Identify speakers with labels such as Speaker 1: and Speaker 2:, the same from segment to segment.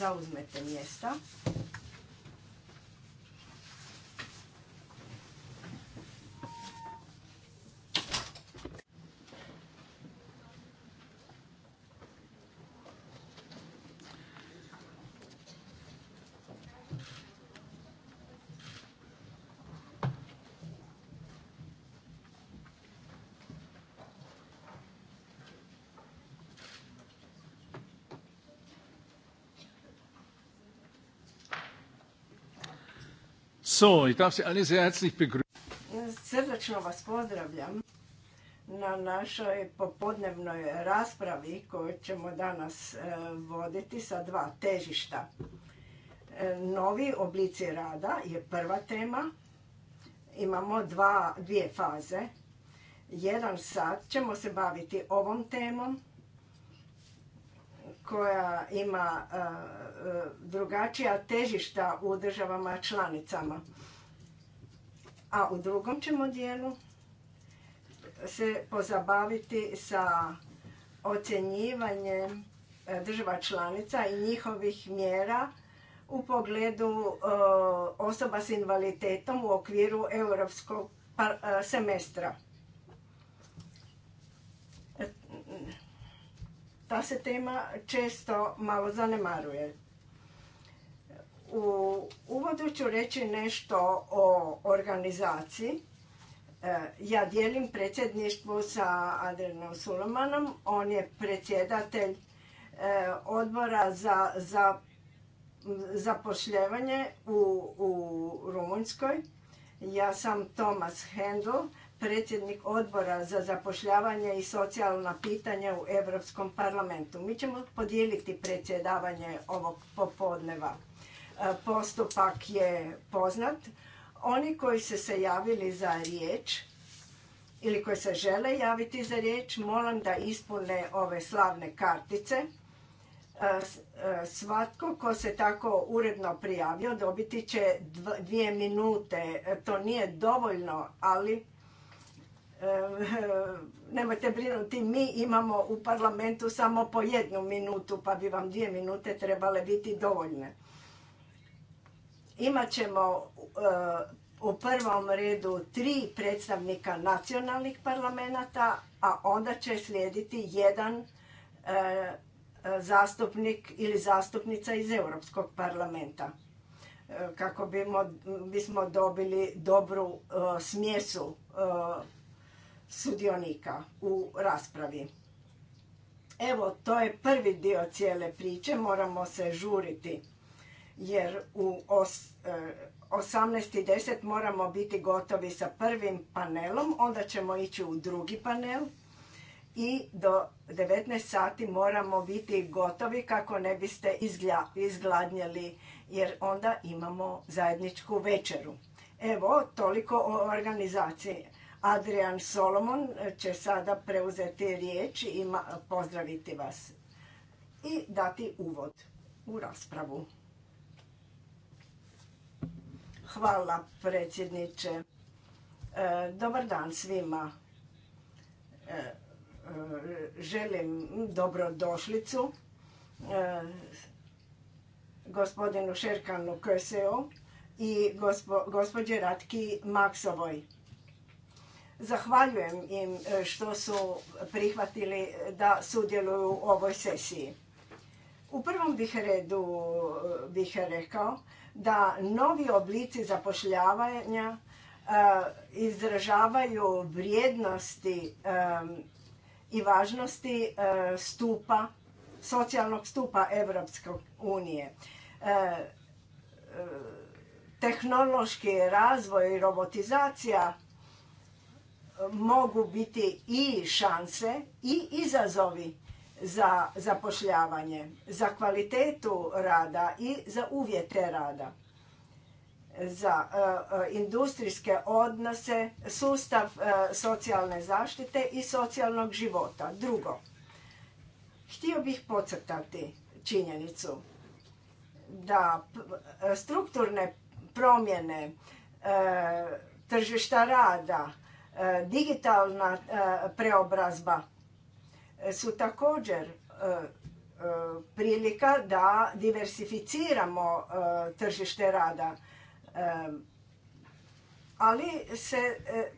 Speaker 1: zauzmete mjesta. So, Srdačno vas pozdravljam na našoj popodnevnoj raspravi koju ćemo danas e, voditi sa dva težišta. E, novi oblici rada je prva tema. Imamo dva, dvije faze. Jedan sat ćemo se baviti ovom temom, koja ima e, e, drugačija težišta u državama članicama. A u drugom ćemo dijelu se pozabaviti sa ocjenjivanjem e, država članica i njihovih mjera u pogledu osoba s invaliditetom u okviru europskog semestra. Ta se tema često malo zanemaruje. U uvodu ću reći nešto o organizaciji. E, ja dijelim predsjedništvo sa Adrenom Sulemanom. On je predsjedatelj e, odbora za, za zapošljavanje u, Rumunjskoj. Ja sam Tomas Hendel predsjednik odbora za zapošljavanje i socijalna pitanja u Europskom parlamentu. Mi ćemo podijeliti predsjedavanje ovog popodneva. E, postupak je poznat. Oni koji su se javili za riječ ili koji se žele javiti za riječ, molim da ispune ove slavne kartice. E, e, svatko ko se tako uredno prijavio dobiti će dvije minute. To nije dovoljno, ali nemojte brinuti, mi imamo u parlamentu samo po jednu minutu, pa bi vam dvije minute trebale biti dovoljne. Imaćemo e, u prvom redu tri predstavnika nacionalnih parlamenta, a onda će slijediti jedan e, zastupnik ili zastupnica iz Europskog parlamenta e, kako bismo dobili dobru smjesu sudionika u raspravi. Evo, to je prvi dio cijele priče, moramo se žuriti jer u 18.10 e, moramo biti gotovi sa prvim panelom, onda ćemo ići u drugi panel i do 19 sati moramo biti gotovi kako ne biste izgladnjeli jer onda imamo zajedničku večeru. Evo, toliko o organizaciji. Adrian Solomon će sada preuzeti riječ i pozdraviti vas i dati uvod u raspravu. Hvala predsjedniče. E, dobar dan svima. E, e, želim dobrodošlicu gospodinu Šerkanu Köseu i gospođe Ratki Maksovoj Zahvaljujem im e, što su prihvatili da sudjeluju u ovoj sesiji. U prvom bih redu e, bih rekao da novi oblici zapošljavanja e, izražavaju vrijednosti i važnosti stupa, socijalnog stupa Evropske unije. Tehnološki razvoj i robotizacija mogu biti i šanse i izazovi za zapošljavanje, za kvalitetu rada i za uvjete rada, za e, e, industrijske odnose, sustav e, socijalne zaštite i socijalnog života. Drugo, htio bih podcrtati činjenicu da strukturne promjene tržišta rada, E, digitalna e, preobrazba e, su također prilika da diversificiramo tržište rada. Ali se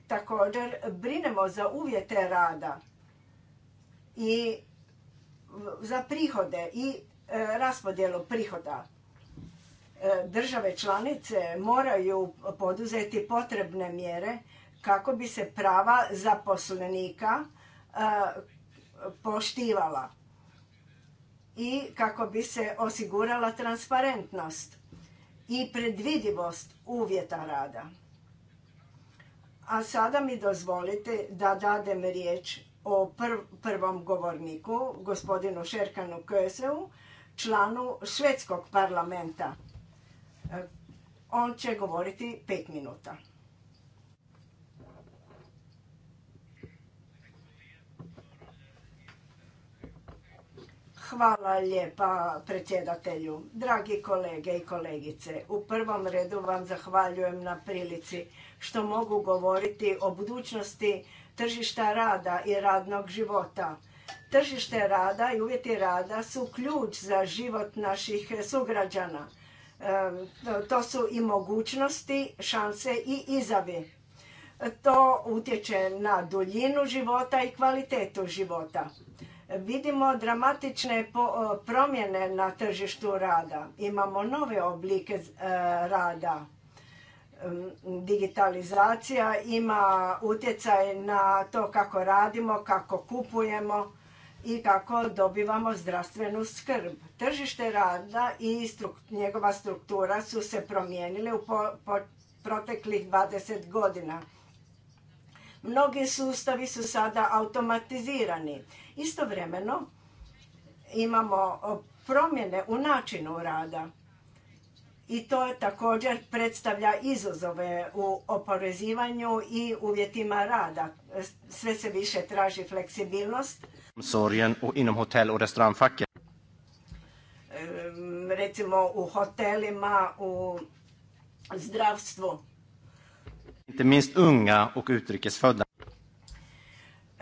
Speaker 1: također brinemo za uvjete rada i za prihode i raspodjelu prihoda. Države članice moraju poduzeti potrebne mjere kako bi se prava zaposlenika e, poštivala i kako bi se osigurala transparentnost i predvidivost uvjeta rada. A sada mi dozvolite da dadem riječ o prvom govorniku, gospodinu Šerkanu Köseu, članu Švedskog parlamenta. E, on će govoriti pet minuta. Hvala lijepa predsjedatelju. Dragi kolege i kolegice, u prvom redu vam zahvaljujem na prilici što mogu govoriti o budućnosti tržišta rada i radnog života. Tržište rada i uvjeti rada su ključ za život naših sugrađana. E, to su i mogućnosti, šanse i izavi. To utječe na duljinu života i kvalitetu života. Vidimo dramatične e, promjene na tržištu rada. Imamo nove oblike e, rada. Mm, digitalizacija ima utjecaj na to kako radimo, kako kupujemo i kako dobivamo zdravstvenu skrb. Tržište rada i njegova struktura su se promijenile u proteklih 20 godina. Mnogi sustavi su sada automatizirani. Istovremeno imamo promjene u načinu rada i to također predstavlja izazove u oporezivanju i uvjetima rada. Sve se više traži fleksibilnost. u inom Recimo u hotelima, u zdravstvu inte minst unga och utrikesfödda.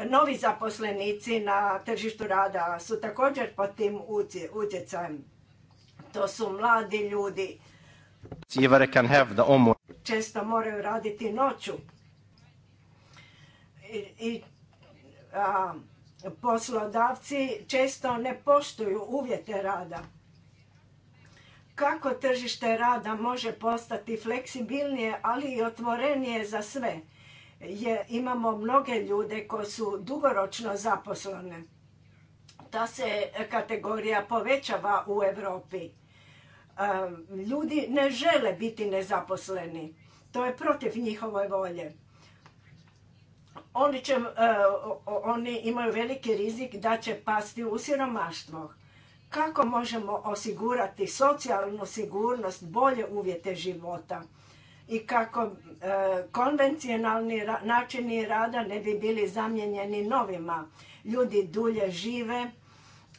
Speaker 1: Novi zaposlenici na tržištu rada su također pod tim utjecajem. To su mladi ljudi. Često moraju raditi noću. I, poslodavci često ne poštuju uvjete rada kako tržište rada može postati fleksibilnije, ali i otvorenije za sve. Je, imamo mnoge ljude koji su dugoročno zaposlene. Ta se kategorija povećava u Europi. Ljudi ne žele biti nezaposleni. To je protiv njihove volje. Oni, će, eh, oni imaju veliki rizik da će pasti u siromaštvo kako možemo osigurati socijalnu sigurnost, bolje uvjete života i kako e, konvencionalni načini rada ne bi bili zamijenjeni novima. Ljudi dulje žive,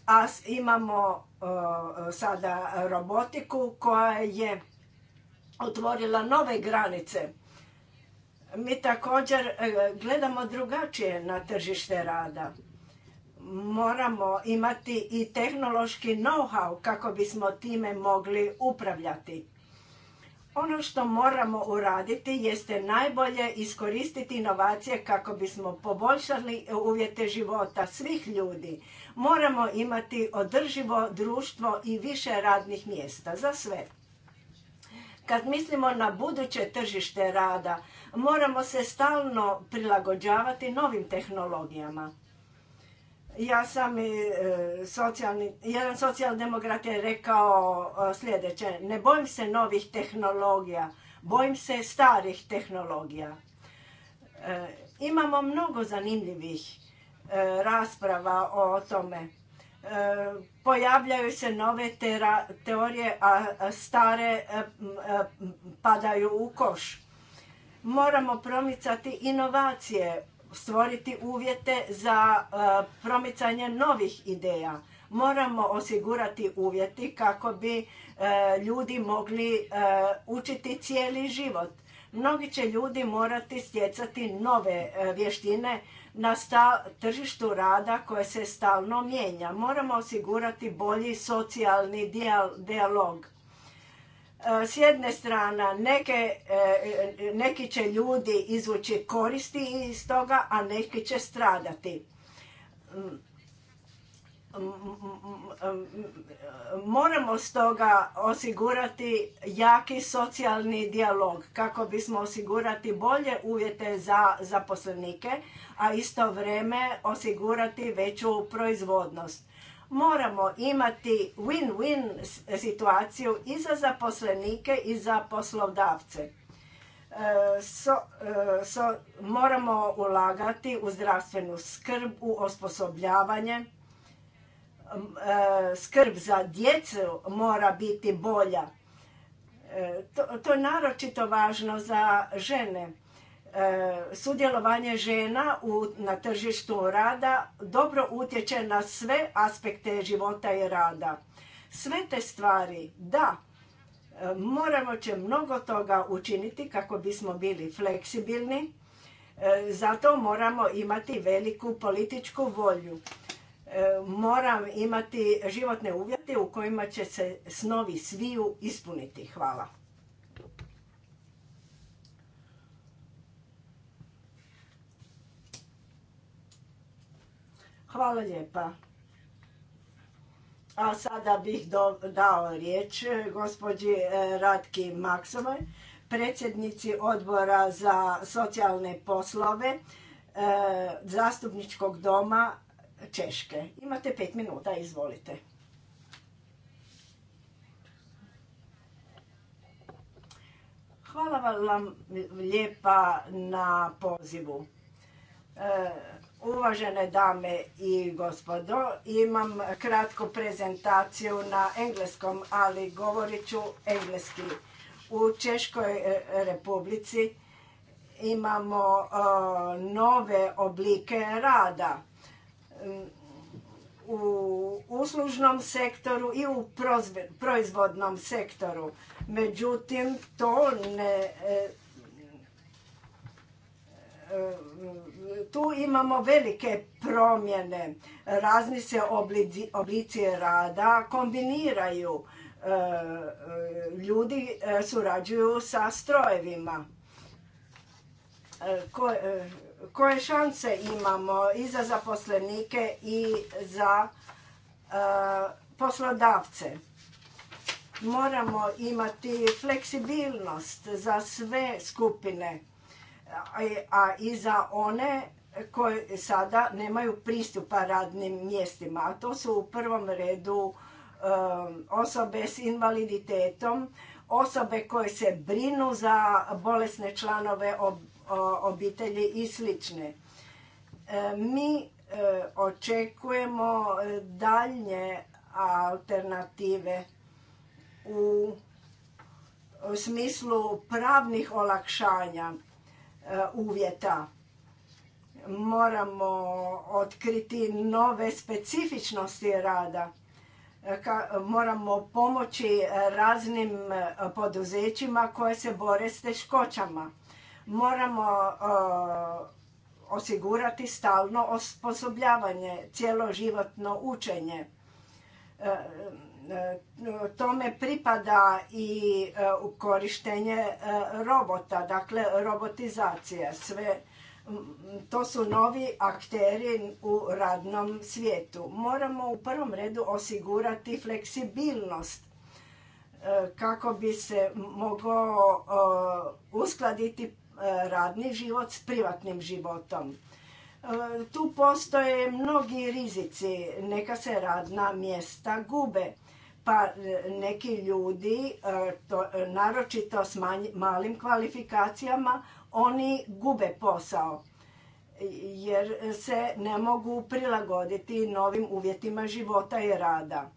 Speaker 1: a imamo e, sada robotiku koja je otvorila nove granice. Mi također e, gledamo drugačije na tržište rada moramo imati i tehnološki know-how kako bismo time mogli upravljati. Ono što moramo uraditi jeste najbolje iskoristiti inovacije kako bismo poboljšali uvjete života svih ljudi. Moramo imati održivo društvo i više radnih mjesta za sve. Kad mislimo na buduće tržište rada, moramo se stalno prilagođavati novim tehnologijama. Ja sam i e, socijalni, jedan socijaldemokrat je rekao e, sljedeće, ne bojim se novih tehnologija, bojim se starih tehnologija. E, imamo mnogo zanimljivih rasprava o tome. pojavljaju se nove teorije, a stare padaju u koš. Moramo promicati inovacije stvoriti uvjete za e, promicanje novih ideja. Moramo osigurati uvjeti kako bi e, ljudi mogli e, učiti cijeli život. Mnogi će ljudi morati stjecati nove vještine na tržištu rada koje se stalno mijenja. Moramo osigurati bolji socijalni dijalog E, s jedne strane, neke, e, e, neki će ljudi izvući koristi iz toga, a neki će stradati. Moramo stoga osigurati jaki socijalni dijalog kako bismo osigurati bolje uvjete za zaposlenike, a isto vrijeme osigurati veću proizvodnost moramo imati win-win situaciju i za zaposlenike i za poslodavce. E, so, e, so, moramo ulagati u zdravstvenu skrb, u osposobljavanje. E, skrb za djecu mora biti bolja. To, to je naročito važno za žene. E, sudjelovanje žena u, na tržištu rada dobro utječe na sve aspekte života i rada. Sve te stvari, da, e, moramo će mnogo toga učiniti kako bismo bili fleksibilni, e, zato moramo imati veliku političku volju. Moram imati životne uvjete u kojima će se snovi sviju ispuniti. Hvala. Hvala lijepa. A sada bih dao riječ gospođi e, Ratki Maksovoj, predsjednici odbora za socijalne poslove e, zastupničkog doma Češke. Imate pet minuta, izvolite. Hvala vam lijepa na pozivu. E, Uvažene dame i gospodo, imam kratku prezentaciju na engleskom, ali govorit ću engleski. U Češkoj e, republici imamo nove oblike rada u uslužnom sektoru i u proizvodnom sektoru. Međutim, to ne e, E, tu imamo velike promjene. Razni se oblici, rada kombiniraju. E, e, ljudi surađuju sa strojevima. koje šanse imamo i za zaposlenike i za poslodavce? Moramo imati fleksibilnost za sve skupine a i za one koje sada nemaju pristupa radnim mjestima. A to su u prvom redu um, osobe s invaliditetom, osobe koje se brinu za bolesne članove obitelji i slične. E, mi e, očekujemo daljnje alternative u smislu pravnih olakšanja E, uvjeta. Moramo otkriti nove specifičnosti rada. E, moramo pomoći raznim e, poduzećima koje se bore s teškoćama. Moramo osigurati stalno osposobljavanje, cjeloživotno učenje tome pripada i e, korištenje e, robota, dakle robotizacija. Sve, to su novi akteri u radnom svijetu. Moramo u prvom redu osigurati fleksibilnost e, kako bi se mogao uskladiti radni život s privatnim životom. Tu postoje mnogi rizici, neka se radna mjesta gube pa e, neki ljudi, e, e, naročito s malim kvalifikacijama, oni gube posao jer se ne mogu prilagoditi novim uvjetima života i rada.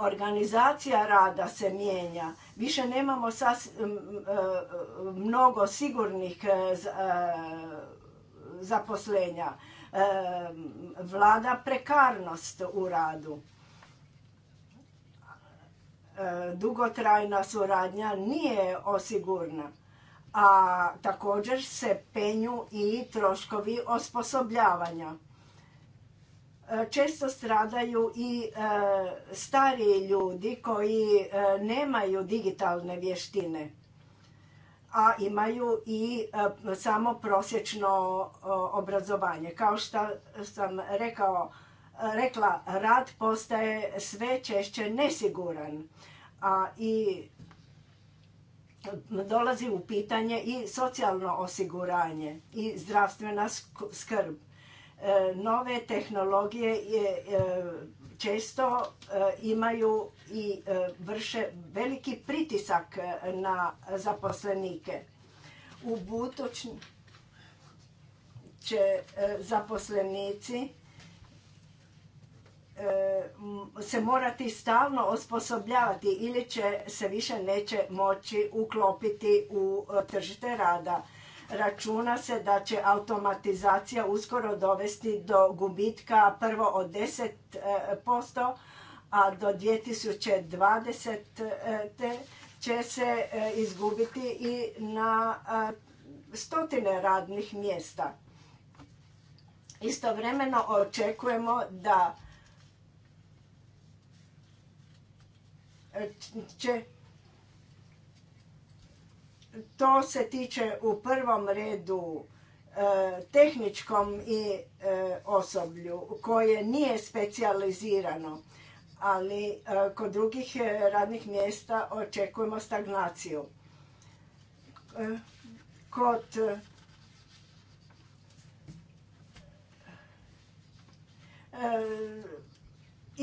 Speaker 1: Organizacija rada se mijenja. Više nemamo mnogo sigurnih zaposlenja. Vlada prekarnost u radu. E, dugotrajna suradnja nije osigurna. A također se penju i troškovi osposobljavanja. E, često stradaju i e, stariji ljudi koji nemaju digitalne vještine a imaju i samo prosječno obrazovanje. Kao što sam rekao, rekla, rad postaje sve češće nesiguran a i dolazi u pitanje i socijalno osiguranje i zdravstvena skrb. E, nove tehnologije e, često e, imaju i vrše veliki pritisak na zaposlenike. U budućnosti će zaposlenici E, se morati stalno osposobljavati ili će se više neće moći uklopiti u e, tržište rada. Računa se da će automatizacija uskoro dovesti do gubitka prvo od 10%, e, a do 2020. će se izgubiti i na stotine radnih mjesta. Istovremeno očekujemo da to se tiče u prvom redu e, tehničkom i e, osoblju koje nije specijalizirano, ali e, kod drugih radnih mjesta očekujemo stagnaciju. Kod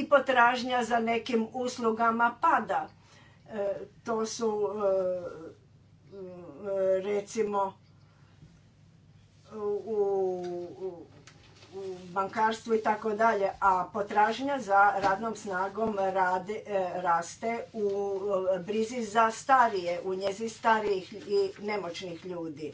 Speaker 1: i potražnja za nekim uslugama pada. E, to su e, recimo u, bankarstvu i tako dalje, a potražnja za radnom snagom e, raste u brizi za starije, u njezi starijih i nemoćnih ljudi.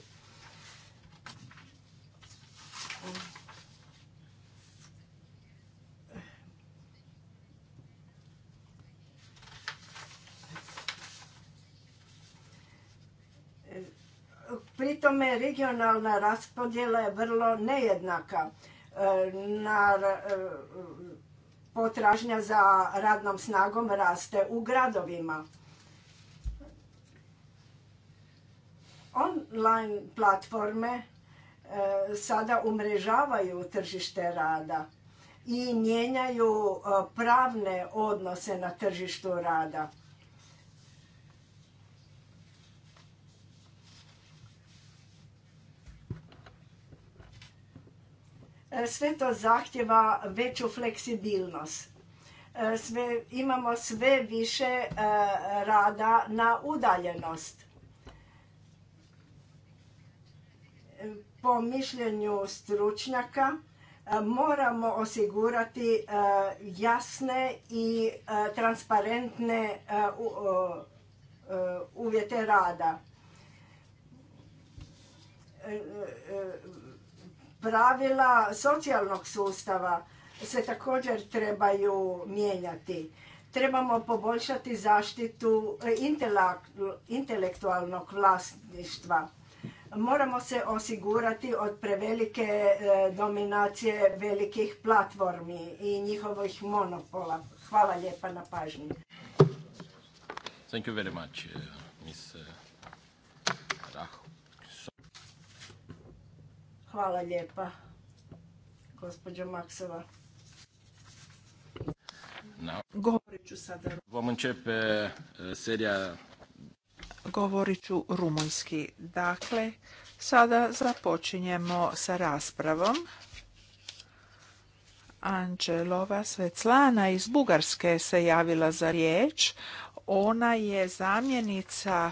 Speaker 1: Pri tome regionalna raspodjela je vrlo nejednaka. E, e, potražnja za radnom snagom raste u gradovima. Online platforme e, sada umrežavaju tržište rada i mijenjaju pravne odnose na tržištu rada. E, sve to zahtjeva veću fleksibilnost. E, imamo sve više e, rada na udaljenost. Po mišljenju stručnjaka moramo osigurati jasne i transparentne uvjete rada pravila socijalnog sustava se također trebaju mijenjati. Trebamo poboljšati zaštitu intelektualnog vlasništva. Moramo se osigurati od prevelike e, dominacije velikih platformi i njihovih monopola. Hvala lijepa na pažnji. E, Hvala lijepa, gospođo Maksova. Govorit ću
Speaker 2: e, serija...
Speaker 3: rumunjski. Dakle, sada započinjemo sa raspravom. Anđelova Svetlana iz Bugarske se javila za riječ. Ona je zamjenica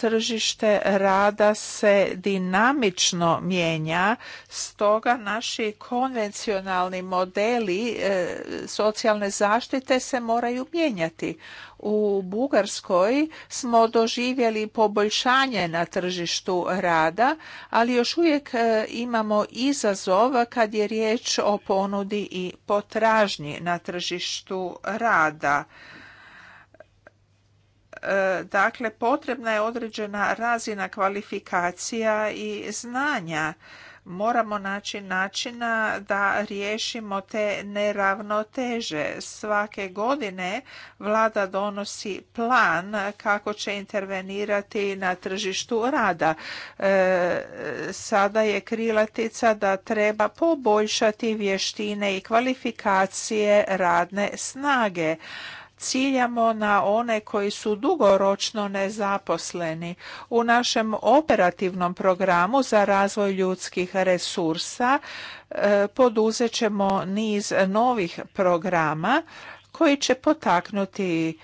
Speaker 3: tržište rada se dinamično mijenja, stoga naši konvencionalni modeli e, socijalne zaštite se moraju mijenjati. U Bugarskoj smo doživjeli poboljšanje na tržištu rada, ali još uvijek e, imamo izazov kad je riječ o ponudi i potražnji na tržištu rada Dakle, potrebna je određena razina kvalifikacija i znanja. Moramo naći načina da riješimo te neravnoteže. Svake godine vlada donosi plan kako će intervenirati na tržištu rada. E, sada je krilatica da treba poboljšati vještine i kvalifikacije radne snage ciljamo na one koji su dugoročno nezaposleni. U našem operativnom programu za razvoj ljudskih resursa e, poduzet ćemo niz novih programa koji će potaknuti e,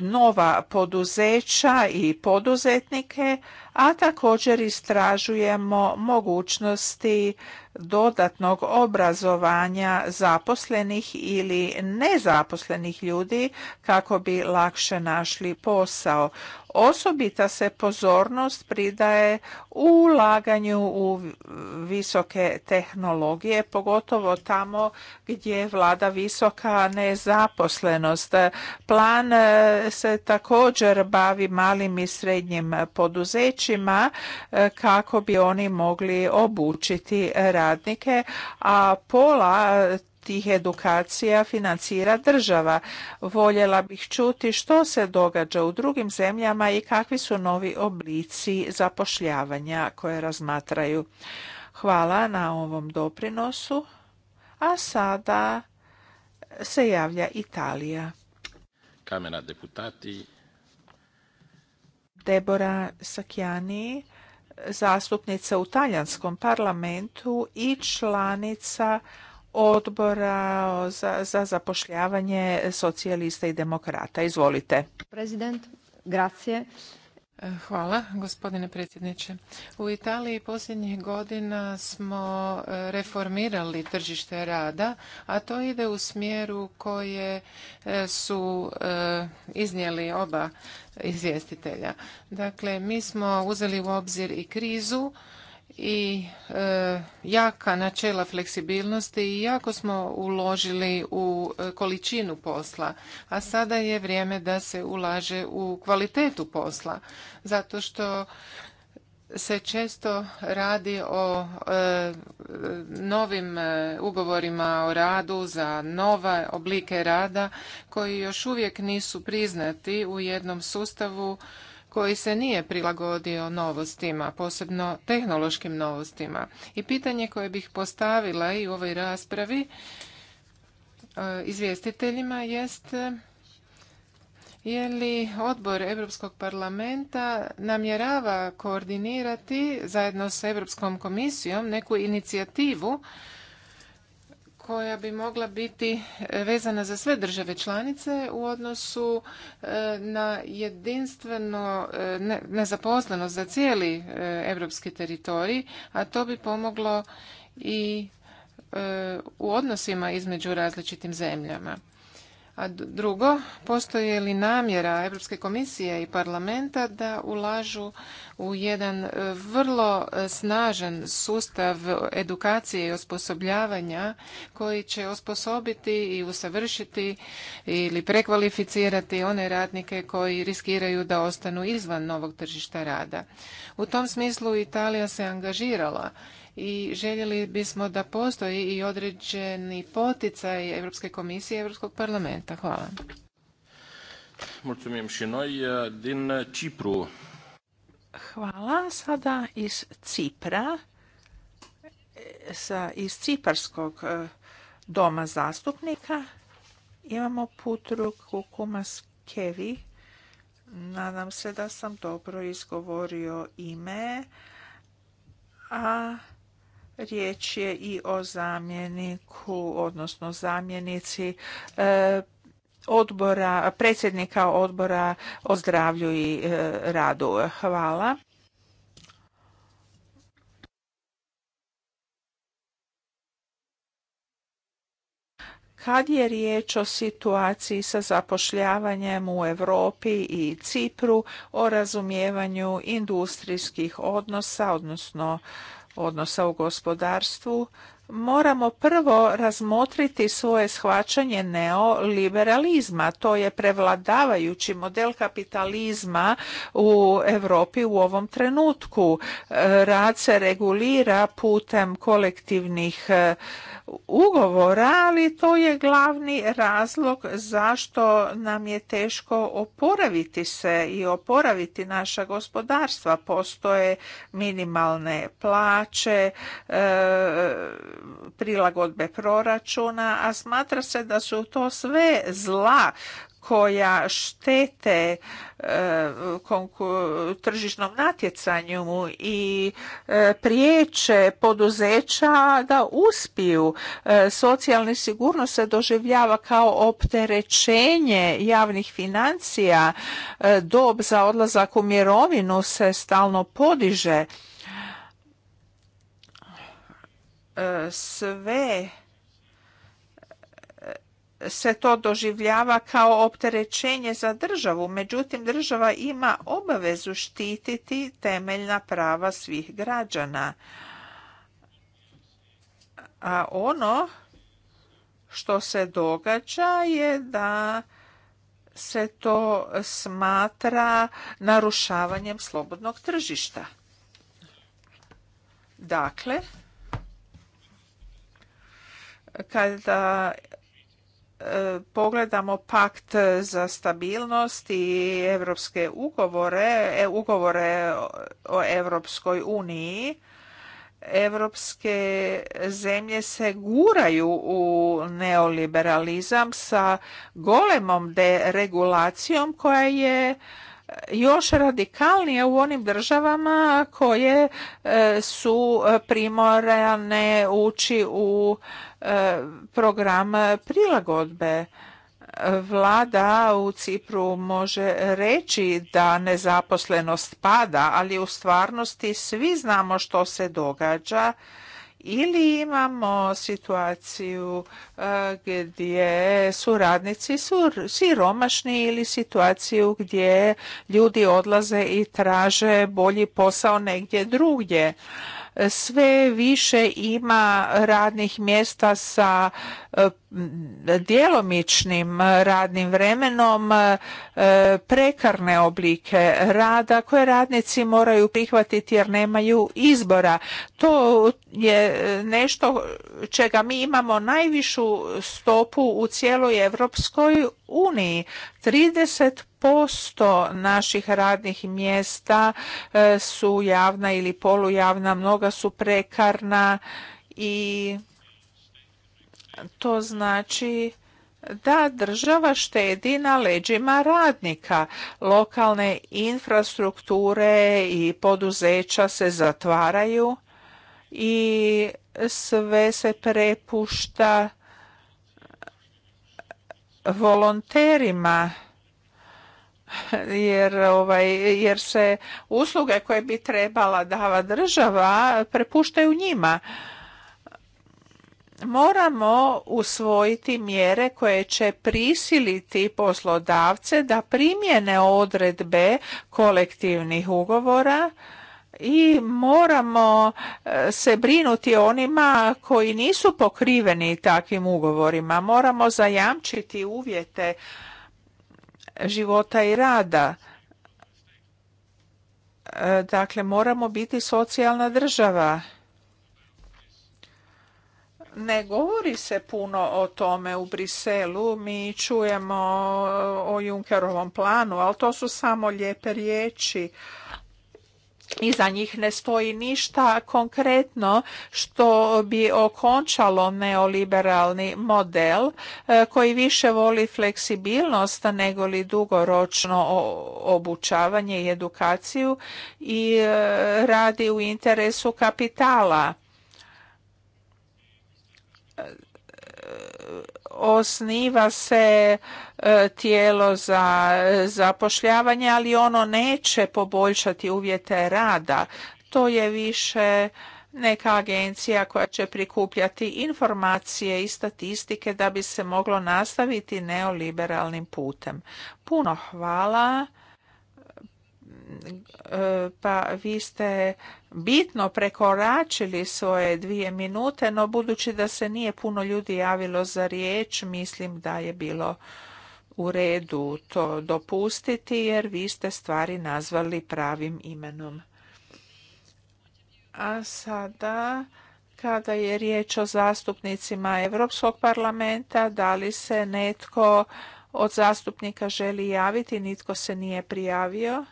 Speaker 3: nova poduzeća i poduzetnike, a također istražujemo mogućnosti dodatnog obrazovanja zaposlenih ili nezaposlenih ljudi kako bi lakše našli posao. Osobita se pozornost pridaje ulaganju u visoke tehnologije, pogotovo tamo gdje vlada visoka nezaposlenost. Plan eh, se također bavi malim i srednjim poduzećima poduzećima e, kako bi oni mogli obučiti radnike, a pola tih edukacija financira država. Voljela bih čuti što se događa u drugim zemljama i kakvi su novi oblici zapošljavanja koje razmatraju. Hvala na ovom doprinosu. A sada se javlja Italija.
Speaker 2: Kamera deputati
Speaker 3: Debora Sakjani, zastupnica u talijanskom parlamentu i članica odbora za, za zapošljavanje socijalista i demokrata. Izvolite.
Speaker 2: Prezident, grazie. Hvala, gospodine predsjedniče. U Italiji posljednjih godina smo e, reformirali tržište rada, a to ide u smjeru koje e, su e, iznijeli oba izvjestitelja. Dakle, mi smo uzeli u obzir i krizu, i e, jaka načela fleksibilnosti i jako smo uložili u e, količinu posla, a sada je vrijeme da se ulaže u kvalitetu posla, zato što se često radi o e, novim ugovorima o radu za nove oblike rada koji još uvijek nisu priznati u jednom sustavu koji se nije prilagodio novostima, posebno tehnološkim novostima. I pitanje koje bih postavila i u ovoj raspravi e, izvjestiteljima jest je li odbor Europskog parlamenta namjerava koordinirati zajedno s Europskom komisijom neku inicijativu koja bi mogla biti e, vezana za sve države članice u odnosu e, na jedinstveno e, nezaposlenost za cijeli europski teritorij, a to bi pomoglo i u odnosima između različitim zemljama. A drugo, postoje li namjera Europske komisije i parlamenta da ulažu u jedan e, vrlo e, snažan sustav edukacije i osposobljavanja koji će osposobiti i usavršiti ili prekvalificirati one radnike koji riskiraju da ostanu izvan novog tržišta rada. U tom smislu Italija se angažirala i željeli bismo da postoji i određeni poticaj Europske komisije i Europskog parlamenta. Hvala. Mulțumim și noi e, din Cipru.
Speaker 3: Hvala. Sada iz Cipra, e, sa, iz Ciparskog e, doma zastupnika imamo Putru Kevi. Nadam se da sam dobro izgovorio ime. A Riječ je i o zamjeniku, odnosno zamjenici e, odbora, predsjednika odbora o zdravlju i e, radu. Hvala. Kad je riječ o situaciji sa zapošljavanjem u Europi i Cipru, o razumijevanju industrijskih odnosa, odnosno odnosa u gospodarstvu moramo prvo razmotriti svoje shvaćanje neoliberalizma. To je prevladavajući model kapitalizma u Europi u ovom trenutku. E, rad se regulira putem kolektivnih e, ugovora, ali to je glavni razlog zašto nam je teško oporaviti se i oporaviti naša gospodarstva. Postoje minimalne plaće, e, prilagodbe proračuna, a smatra se da su to sve zla koja štete e, tržišnom natjecanju i e, priječe poduzeća da uspiju. E, socijalni sigurnost se doživljava kao opterećenje javnih financija, dob za odlazak u mirovinu se stalno podiže sve se to doživljava kao opterećenje za državu. Međutim, država ima obavezu štititi temeljna prava svih građana. A ono što se događa je da se to smatra narušavanjem slobodnog tržišta. Dakle, kada e, pogledamo pakt za stabilnost i europske ugovore, e, ugovore o Evropskoj uniji, europske zemlje se guraju u neoliberalizam sa golemom deregulacijom koja je još radikalnije u onim državama koje e, su primorane ući u e, program prilagodbe vlada u Cipru može reći da nezaposlenost pada, ali u stvarnosti svi znamo što se događa ili imamo situaciju e, gdje su radnici su siromašni ili situaciju gdje ljudi odlaze i traže bolji posao negdje drugdje sve više ima radnih mjesta sa e, djelomičnim radnim vremenom e, prekarne oblike rada koje radnici moraju prihvatiti jer nemaju izbora. To je nešto čega mi imamo najvišu stopu u cijeloj Europskoj uniji posto naših radnih mjesta e, su javna ili polujavna, mnoga su prekarna i to znači da država štedi na leđima radnika. Lokalne infrastrukture i poduzeća se zatvaraju i sve se prepušta volonterima jer, ovaj, jer se usluge koje bi trebala dava država prepuštaju njima. Moramo usvojiti mjere koje će prisiliti poslodavce da primjene odredbe kolektivnih ugovora i moramo e, se brinuti onima koji nisu pokriveni takvim ugovorima. Moramo zajamčiti uvjete života i rada. E, dakle, moramo biti socijalna država. Ne govori se puno o tome u Briselu, mi čujemo o Junkerovom planu, ali to su samo lijepe riječi iza njih ne stoji ništa konkretno što bi okončalo neoliberalni model e, koji više voli fleksibilnost nego li dugoročno obučavanje i edukaciju i e, radi u interesu kapitala osniva se e, tijelo za e, zapošljavanje, ali ono neće poboljšati uvjete rada. To je više neka agencija koja će prikupljati informacije i statistike da bi se moglo nastaviti neoliberalnim putem. Puno hvala. E, pa vi ste bitno prekoračili svoje dvije minute, no budući da se nije puno ljudi javilo za riječ, mislim da je bilo u redu to dopustiti jer vi ste stvari nazvali pravim imenom. A sada kada je riječ o zastupnicima Europskog parlamenta, da li se netko od zastupnika želi javiti, nitko se nije prijavio.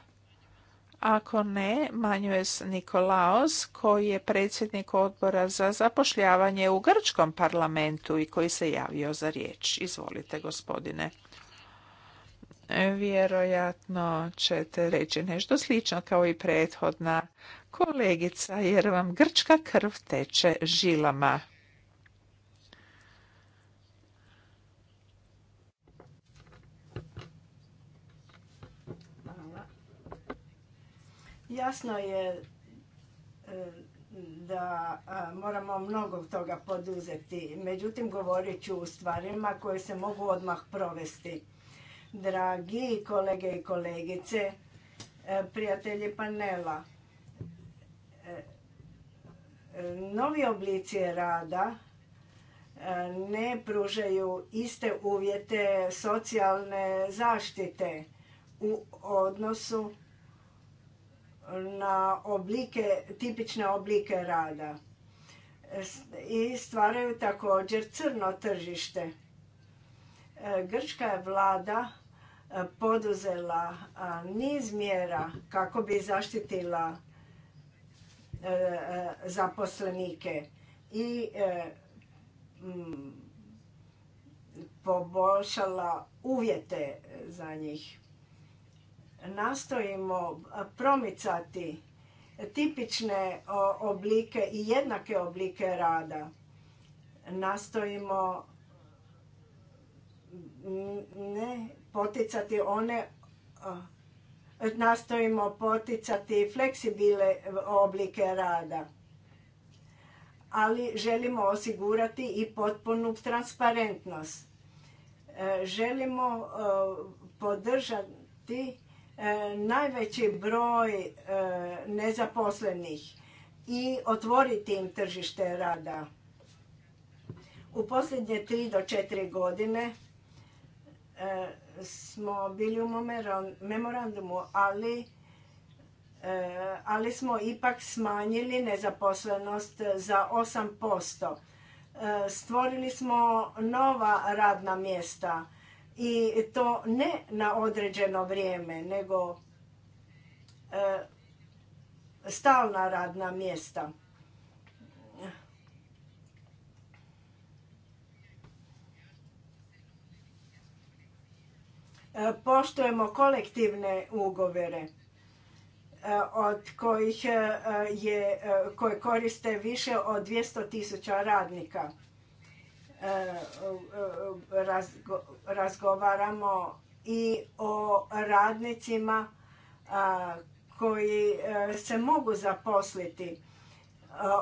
Speaker 3: Ako ne, Manjues Nikolaos, koji je predsjednik odbora za zapošljavanje u Grčkom parlamentu i koji se javio za riječ. Izvolite, gospodine. Vjerojatno ćete reći nešto slično kao i prethodna kolegica, jer vam grčka krv teče žilama.
Speaker 1: Jasno je e, da moramo mnogo toga poduzeti. Međutim, govorit ću o stvarima koje se mogu odmah provesti. Dragi kolege i kolegice, e, prijatelji panela, e, novi oblici rada ne pružaju iste uvjete socijalne zaštite u odnosu na oblike, tipične oblike rada i stvaraju također crno tržište. E, Grčka je vlada e, poduzela niz mjera kako bi zaštitila e, zaposlenike i poboljšala uvjete za njih nastojimo promicati tipične oblike i jednake oblike rada. Nastojimo ne poticati one nastojimo poticati fleksibile e, oblike rada. Ali želimo osigurati i potpunu transparentnost. E, želimo podržati E, najveći broj e, nezaposlenih i otvoriti im tržište rada. U posljednje tri do četiri godine e, smo bili u memorandumu, ali smo ipak smanjili nezaposlenost za 8%. Stvorili smo nova radna mjesta i to ne na određeno vrijeme, nego e, stalna radna mjesta. E, poštujemo kolektivne ugovore e, od kojih je, koje koriste više od 200 tisuća radnika. E, e, razgovaramo i o radnicima e, koji se mogu zaposliti.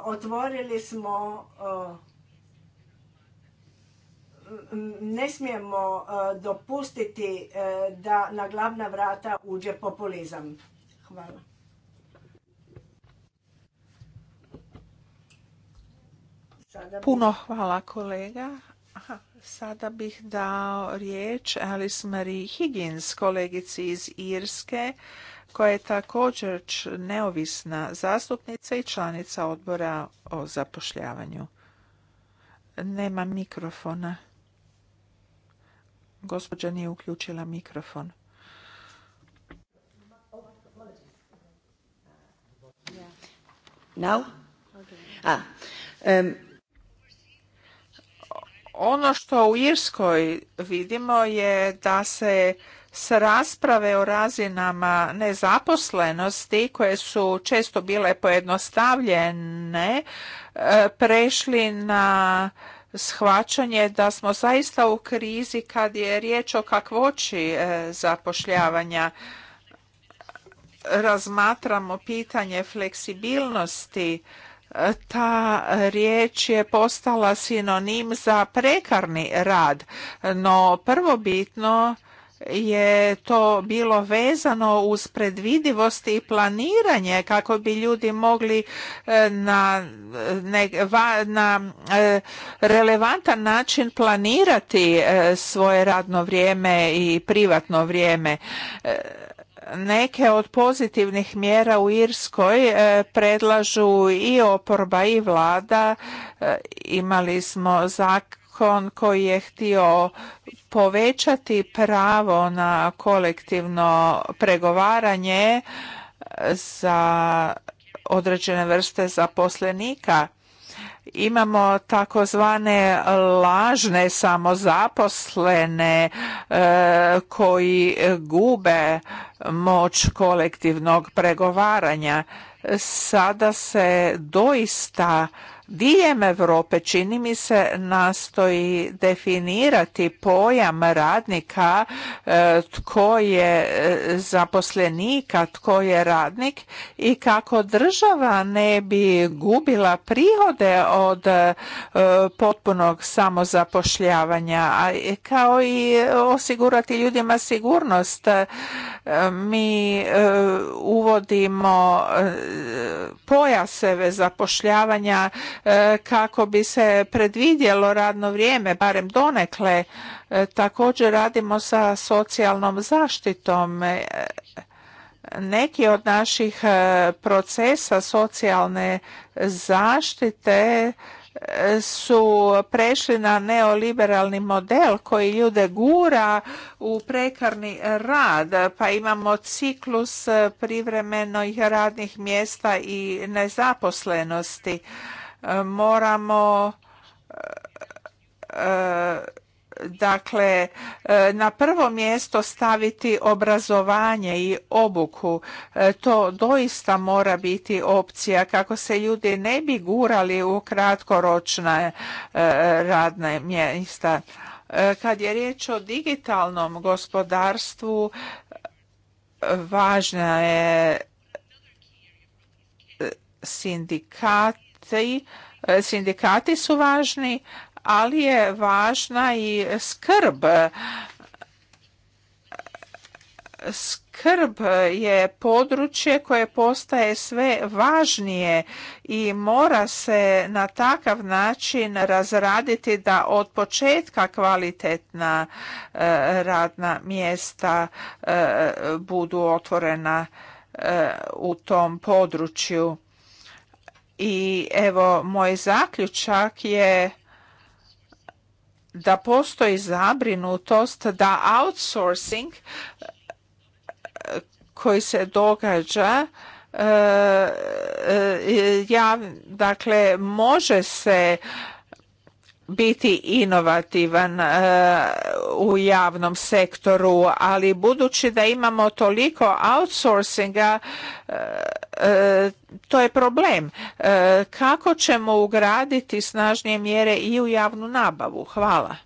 Speaker 1: otvorili smo, ne smijemo dopustiti da na glavna vrata uđe populizam. Hvala. Puno
Speaker 3: hvala kolega. sada bih dao riječ Alice Marie Higgins, kolegici iz Irske, koja je također neovisna zastupnica i članica odbora o zapošljavanju. Nema mikrofona. Gospođa nije uključila mikrofon. Now? Ah ono što u Irskoj vidimo je da se s rasprave o razinama nezaposlenosti koje su često bile pojednostavljene e, prešli na shvaćanje da smo zaista u krizi kad je riječ o kakvoći e, zapošljavanja. Razmatramo pitanje fleksibilnosti ta riječ je postala sinonim za prekarni rad, no prvobitno je to bilo vezano uz predvidivost i planiranje kako bi ljudi mogli e, na, na e, relevantan način planirati e, svoje radno vrijeme i privatno vrijeme neke od pozitivnih mjera u Irskoj e, predlažu i oporba i vlada. E, imali smo zakon koji je htio povećati pravo na kolektivno pregovaranje za određene vrste zaposlenika imamo takozvane lažne samozaposlene e, koji gube moć kolektivnog pregovaranja sada se doista diljem Europe čini mi se nastoji definirati pojam radnika e, tko je e, zaposlenika, tko je radnik i kako država ne bi gubila prihode od e, potpunog samozapošljavanja, kao i osigurati ljudima sigurnost. Mi uvodimo pojaseve zapošljavanja E, kako bi se predvidjelo radno vrijeme, barem donekle. E, također radimo sa socijalnom zaštitom. E, neki od naših procesa socijalne zaštite su prešli na neoliberalni model koji ljude gura u prekarni rad, pa imamo ciklus privremenih radnih mjesta i nezaposlenosti moramo e, dakle e, na prvo mjesto staviti obrazovanje i obuku. E, to doista mora biti opcija kako se ljudi ne bi gurali u kratkoročna radna mjesta. Kad je riječ o digitalnom gospodarstvu, važna je sindikat Sindikati, e, sindikati su važni, ali je važna i skrb. Skrb je područje koje postaje sve važnije i mora se na takav način razraditi da od početka kvalitetna e, radna mjesta e, budu otvorena u tom području i evo, moj zaključak je da postoji zabrinutost da outsourcing e, koji se događa e, e, ja, dakle može se biti inovativan e, u javnom sektoru, ali budući da imamo toliko outsourcinga, e, e, to je problem. Kako ćemo ugraditi snažnije mjere i u javnu nabavu? Hvala.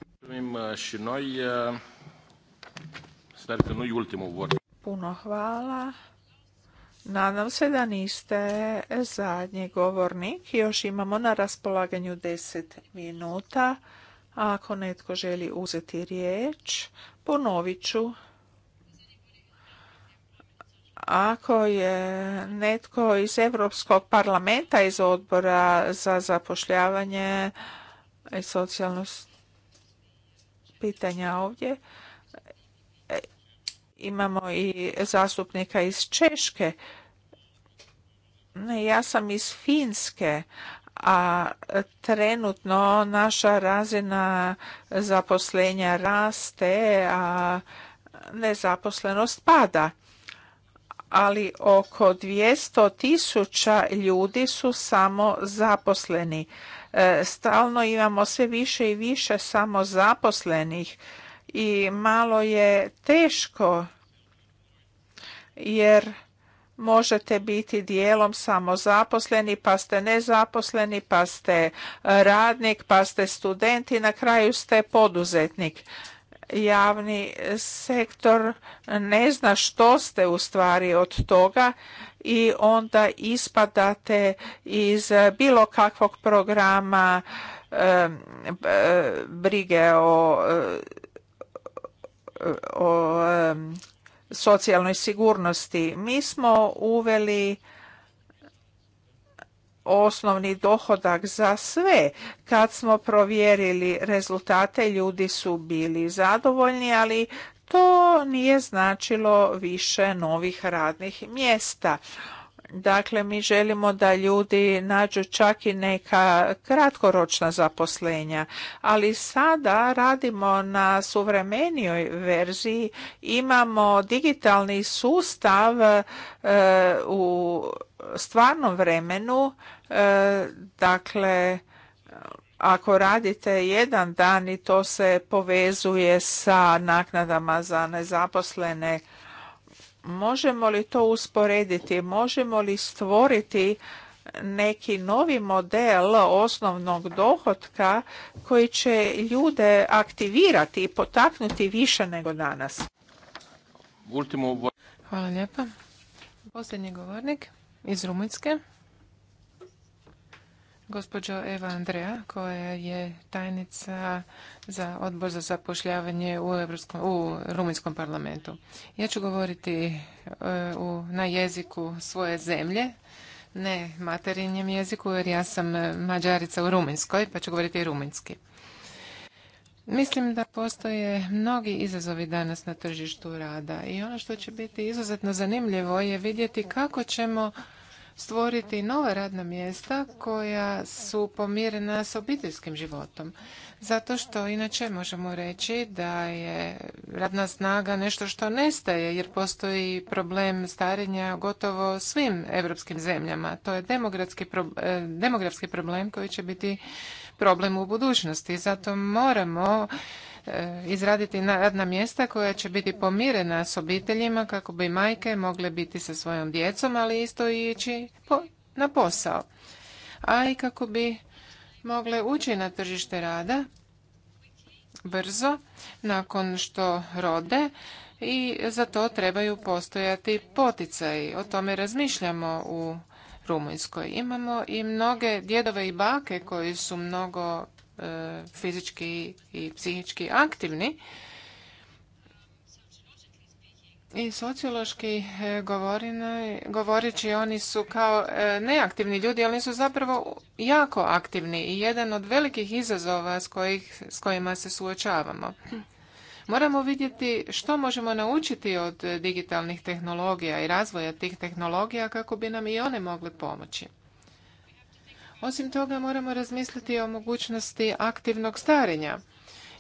Speaker 3: Puno hvala. Nadam se da niste zadnji govornik. Još imamo na raspolaganju 10 minuta. ako netko želi uzeti riječ, ponovit ću. Ako je netko iz Europskog parlamenta, iz odbora za zapošljavanje i socijalnost pitanja ovdje, imamo i zastupnika iz Češke. Ja sam iz Finske, a trenutno naša razina zaposlenja raste, a nezaposlenost pada. Ali oko 200 ljudi su samo zaposleni. E, stalno imamo sve više i više samozaposlenih i malo je teško jer možete biti dijelom samozaposleni, pa ste nezaposleni, pa ste e, radnik, pa ste student i na kraju ste poduzetnik. Javni sektor ne zna što ste u stvari od toga i onda ispadate iz bilo kakvog programa e, e, brige o o socijalnoj sigurnosti. Mi smo uveli osnovni dohodak za sve. Kad smo provjerili rezultate, ljudi su bili zadovoljni, ali to nije značilo više novih radnih mjesta. Dakle, mi želimo da ljudi nađu čak i neka kratkoročna zaposlenja, ali sada radimo na suvremenijoj verziji, imamo digitalni sustav e, u stvarnom vremenu, e, dakle, ako radite jedan dan i to se povezuje sa naknadama za nezaposlene Možemo li to usporediti? Možemo li stvoriti neki novi model osnovnog dohotka koji će ljude aktivirati i potaknuti više nego danas? Hvala lijepa.
Speaker 2: Posljednji govornik
Speaker 3: iz Rumunjske
Speaker 2: gospođo Eva Andreja, koja je tajnica za odbor za zapošljavanje u, Evropskom, u Rumunjskom parlamentu. Ja ću govoriti e, u, na jeziku svoje zemlje, ne materinjem jeziku, jer ja sam e, mađarica u Rumunjskoj, pa ću govoriti i rumunjski. Mislim da postoje mnogi izazovi danas na tržištu rada i ono što će biti izuzetno zanimljivo je vidjeti kako ćemo stvoriti nova radna mjesta koja su pomirena s obiteljskim životom. Zato što inače možemo reći da je radna snaga nešto što nestaje jer postoji problem starenja gotovo svim europskim zemljama. To je demografski, eh, demografski problem koji će biti problem u budućnosti. Zato moramo E, izraditi radna mjesta koja će biti pomirena s obiteljima kako bi majke mogle biti sa svojom djecom, ali isto i ići na posao. A i kako bi mogle ući na tržište rada brzo nakon što rode i za to trebaju postojati poticaji. O tome razmišljamo u Rumunjskoj. Imamo i mnoge djedove i bake koji su mnogo E, fizički i psihički aktivni. I sociološki e, govoreći oni su kao e, neaktivni ljudi, ali su zapravo jako aktivni i jedan od velikih izazova s, s kojima se suočavamo. Moramo vidjeti što možemo naučiti od digitalnih tehnologija i razvoja tih tehnologija kako bi nam i one mogle pomoći. Osim toga moramo razmisliti o mogućnosti aktivnog starenja,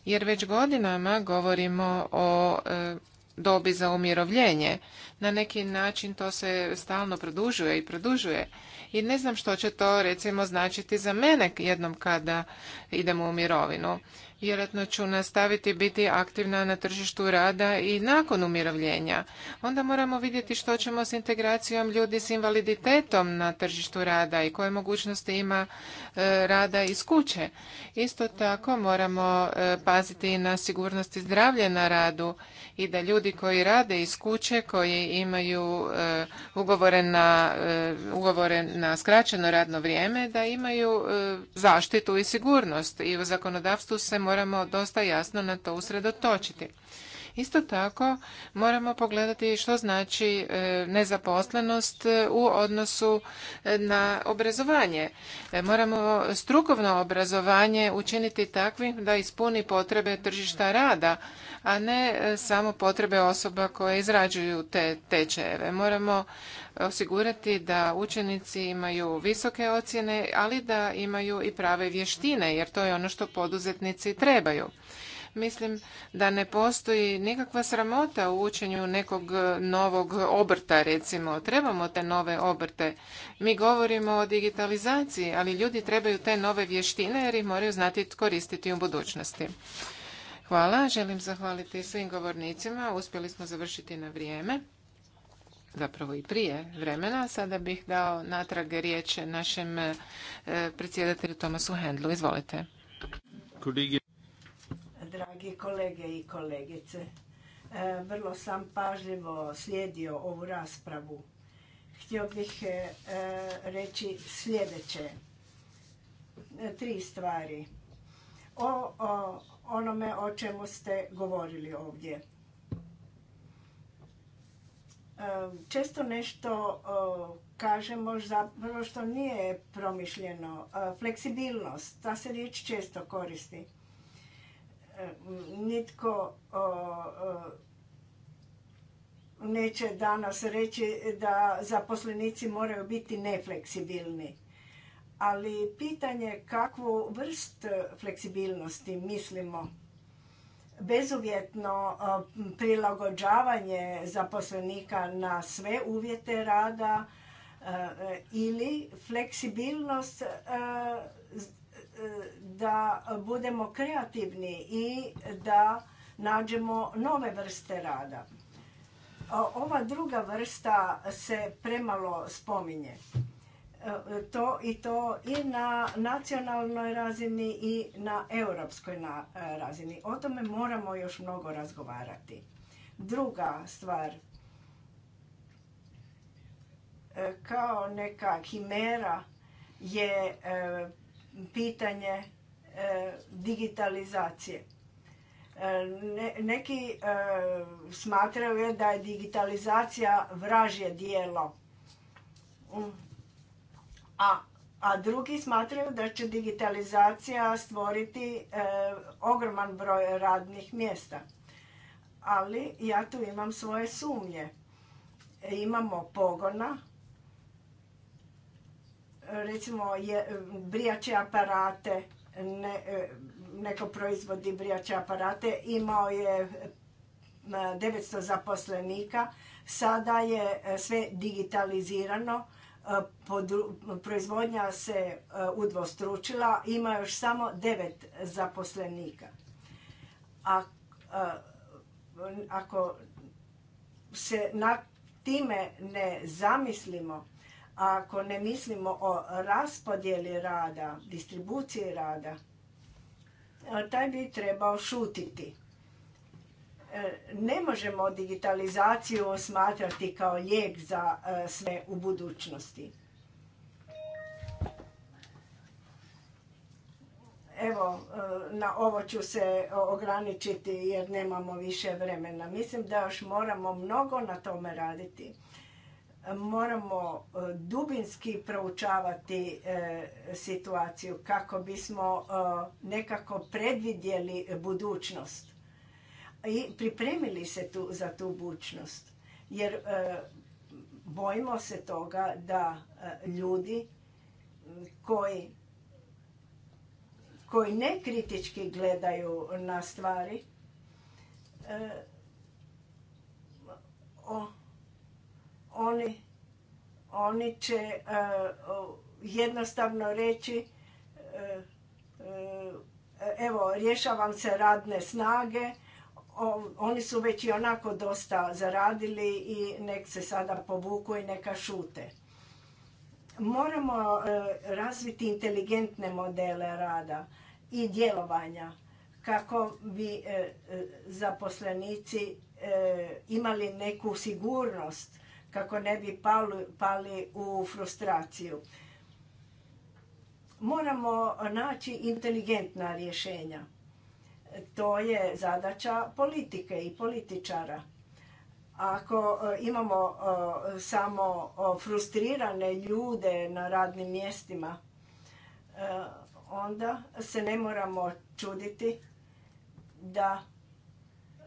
Speaker 2: jer već godinama govorimo o e, dobi za umirovljenje. Na neki način to se stalno produžuje i produžuje. I ne znam što će to recimo značiti za mene jednom kada idem u mirovinu vjerojatno ću nastaviti biti aktivna na tržištu rada i nakon umirovljenja. Onda moramo vidjeti što ćemo s integracijom ljudi s invaliditetom na tržištu rada i koje mogućnosti ima e, rada iz kuće. Isto tako moramo e, paziti na sigurnost i zdravlje na radu i da ljudi koji rade iz kuće, koji imaju e, ugovore na, ugovore na skraćeno radno vrijeme, da imaju zaštitu i sigurnost i u zakonodavstvu se mora moramo dosta jasno na to usredotočiti. Isto tako moramo pogledati što znači e, nezaposlenost e, u odnosu e, na obrazovanje. Moramo strukovno obrazovanje učiniti takvim da ispuni potrebe tržišta rada, a ne samo potrebe osoba koje izrađuju te tečajeve. Moramo osigurati da učenici imaju visoke ocjene, ali da imaju i prave vještine, jer to je ono što poduzetnici trebaju. Mislim da ne postoji nikakva sramota u učenju nekog novog obrta, recimo. Trebamo te nove obrte. Mi govorimo o digitalizaciji, ali ljudi trebaju te nove vještine jer ih moraju znati koristiti u budućnosti. Hvala. Želim zahvaliti svim govornicima. Uspjeli smo završiti na vrijeme zapravo i prije vremena. Sada bih dao natrag riječ našem eh, predsjedatelju Tomasu Hendlu. Izvolite
Speaker 1: dragi kolege i kolegice. E, vrlo sam pažljivo slijedio ovu raspravu. Htio bih e, e, reći sljedeće. Tri stvari. O, onome o čemu ste govorili ovdje. Često nešto kažemo zapravo što nije promišljeno. Fleksibilnost, ta se riječ često koristi. Nitko neće danas reći da zaposlenici moraju biti nefleksibilni. Ali pitanje kakvu vrst fleksibilnosti mislimo bezuvjetno prilagođavanje zaposlenika na sve uvjete rada e, e, ili fleksibilnost e, da budemo kreativni i da nađemo nove vrste rada. Ova druga vrsta se premalo spominje. E, to i to i na nacionalnoj razini i na europskoj e, razini. O tome moramo još mnogo razgovarati. Druga stvar, e, kao neka himera je pitanje e, digitalizacije. E, neki e, smatraju da je digitalizacija vražje dijelo, um, a, a drugi smatraju da će digitalizacija stvoriti ogroman broj radnih mjesta. Ali ja tu imam svoje sumnje. Imamo pogona recimo je, brijače aparate, ne, e, neko proizvodi brijače aparate, imao je 900 e, zaposlenika, sada je e, sve digitalizirano, proizvodnja se udvostručila, ima još samo 9 zaposlenika. A, ako se na time ne zamislimo, ako ne mislimo o raspodjeli rada, distribuciji rada, e, taj bi trebao šutiti. E, ne možemo digitalizaciju osmatrati kao lijek za e, sve u budućnosti. Evo, na ovo ću se ograničiti jer nemamo više vremena. Mislim da još moramo mnogo na tome raditi moramo e, dubinski proučavati e, situaciju kako bismo e, nekako predvidjeli budućnost i pripremili se tu za tu budućnost jer bojimo se toga da ljudi koji koji ne kritički gledaju na stvari o, oni, oni će e, jednostavno reći e, e, evo rješavam se radne snage oni su već i onako dosta zaradili i nek se sada povuku i neka šute moramo razviti inteligentne modele rada i djelovanja kako bi zaposlenici imali neku sigurnost kako ne bi pali, u frustraciju. Moramo naći inteligentna rješenja. To je zadaća politike i političara. Ako e, imamo e, samo e, frustrirane ljude na radnim mjestima, onda se ne moramo čuditi da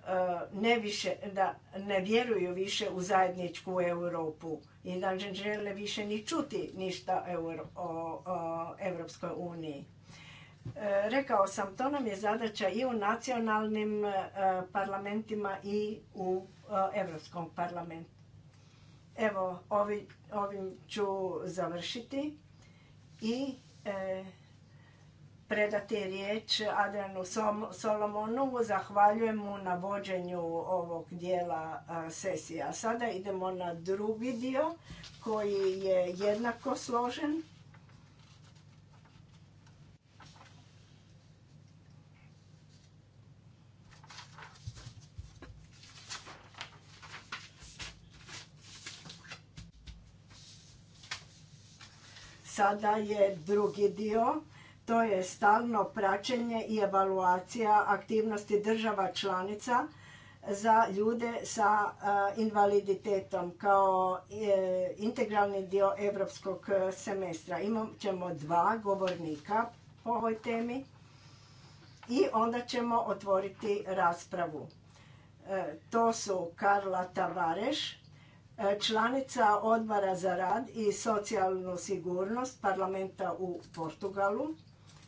Speaker 1: Eh, ne, više, da ne vjeruju više u zajedničku Europu i da ne žele više ni čuti ništa o, Evropskoj uniji. Eh, rekao sam, to nam je zadaća i u nacionalnim eh, parlamentima i u Evropskom Europskom parlamentu. Evo, ovim ću završiti i predati riječ Adrianu Solomonu. Zahvaljujem mu na vođenju ovog dijela sesije. A sada idemo na drugi dio koji je jednako složen. Sada je drugi dio to je stalno praćenje i evaluacija aktivnosti država članica za ljude sa e, invaliditetom kao e, integralni dio europskog e, semestra. Imat ćemo dva govornika po ovoj temi i onda ćemo otvoriti raspravu. To su Karla Tavareš, članica odbora za rad i socijalnu sigurnost parlamenta u Portugalu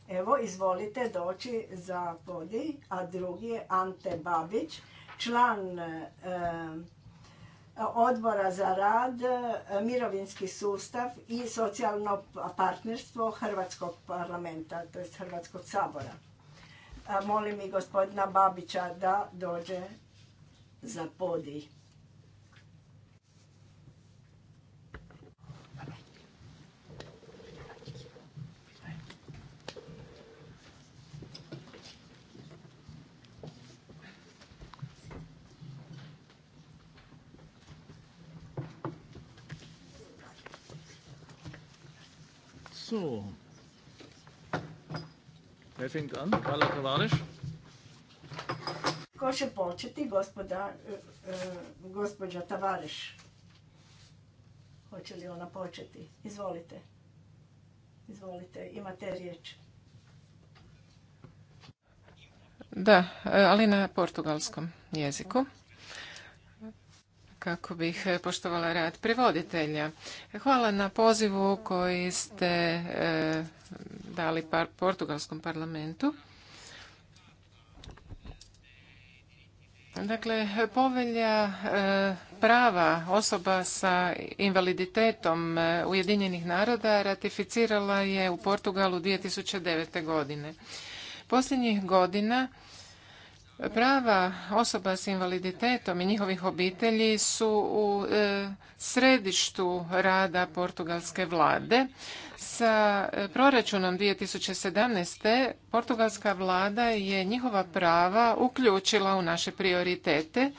Speaker 1: Evo, izvolite doći za podij, a drugi je Ante Babić, član eh, eh, odbora za rad, eh, mirovinski sustav i socijalno partnerstvo Hrvatskog parlamenta, to je Hrvatskog sabora. molim i gospodina Babića da dođe za podij.
Speaker 3: So.
Speaker 4: Wer
Speaker 1: Ko će početi? Gospoda, gospođa e, e, Tavariš. Hoće li ona početi? Izvolite. Izvolite, imate riječ.
Speaker 2: Da, e, ali na portugalskom jeziku kako bih e, poštovala rad prevoditelja. Hvala na pozivu koji ste e, dali Portugalskom parlamentu. Dakle, povelja e, prava osoba sa invaliditetom Ujedinjenih naroda ratificirala je u Portugalu 2009. godine. Posljednjih godina Prava osoba s invaliditetom i njihovih obitelji su u e, središtu rada portugalske vlade. Sa e, proračunom 2017. portugalska vlada je njihova prava uključila u naše prioritete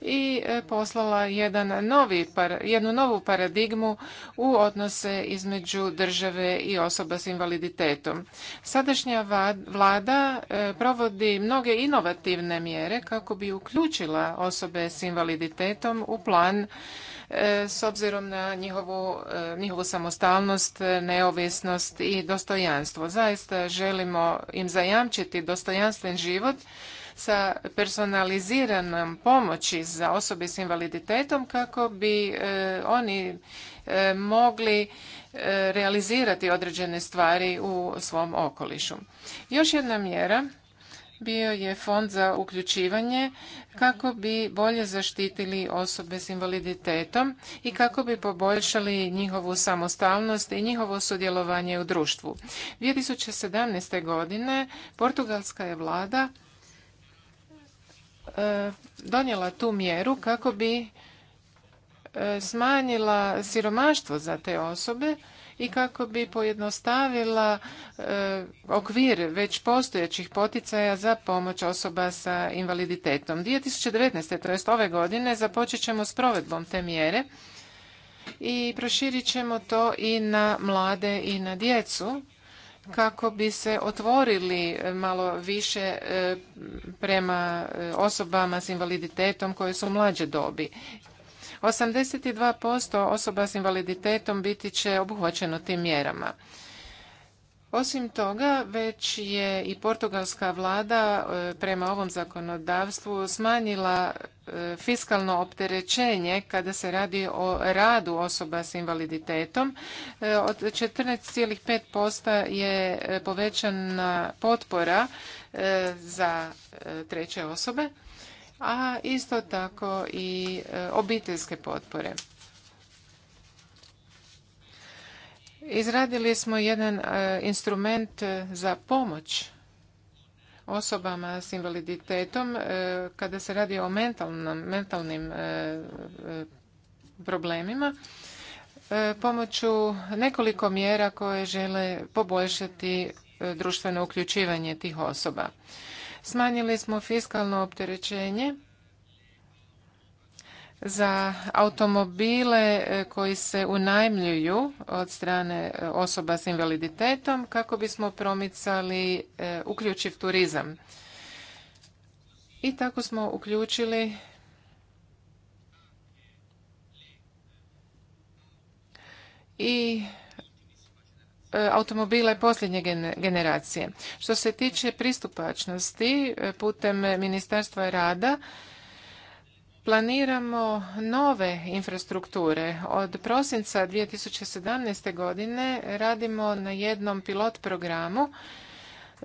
Speaker 2: i e, poslala jedan novi, jednu novu paradigmu u odnose između države i osoba s invaliditetom. Sadašnja vlada e, provodi mnoge inovativne mjere kako bi uključila osobe s invaliditetom u plan e, s obzirom na njihovu, njihovu samostalnost, neovisnost i dostojanstvo. Zaista želimo im zajamčiti dostojanstven život sa personaliziranom pomoći za osobe s invaliditetom kako bi e, oni e, mogli e, realizirati određene stvari u svom okolišu. Još jedna mjera bio je fond za uključivanje kako bi bolje zaštitili osobe s invaliditetom i kako bi poboljšali njihovu samostalnost i njihovo sudjelovanje u društvu. 2017. godine portugalska je vlada E, donijela tu mjeru kako bi e, smanjila siromaštvo za te osobe i kako bi pojednostavila e, okvir već postojećih poticaja za pomoć osoba sa invaliditetom. 2019. to jest ove godine započet ćemo s provedbom te mjere i proširit ćemo to i na mlade i na djecu kako bi se otvorili malo više e, prema e, osobama s invaliditetom koje su mlađe dobi. 82% osoba s invaliditetom biti će obuhvaćeno tim mjerama. Osim toga, već je i portugalska vlada e, prema ovom zakonodavstvu smanjila e, fiskalno opterećenje kada se radi o radu osoba s invaliditetom. E, od 14,5% je povećana potpora za treće osobe, a isto tako i obiteljske potpore. Izradili smo jedan e, instrument e, za pomoć osobama s invaliditetom e, kada se radi o mentalnim problemima pomoću nekoliko mjera koje žele poboljšati društveno uključivanje tih osoba. Smanjili smo fiskalno opterećenje za automobile e, koji se unajmljuju od strane e, osoba s invaliditetom kako bismo promicali e, uključiv turizam. I tako smo uključili i automobile posljednje generacije. Što se tiče pristupačnosti putem Ministarstva rada planiramo nove infrastrukture. Od prosinca 2017. godine radimo na jednom pilot programu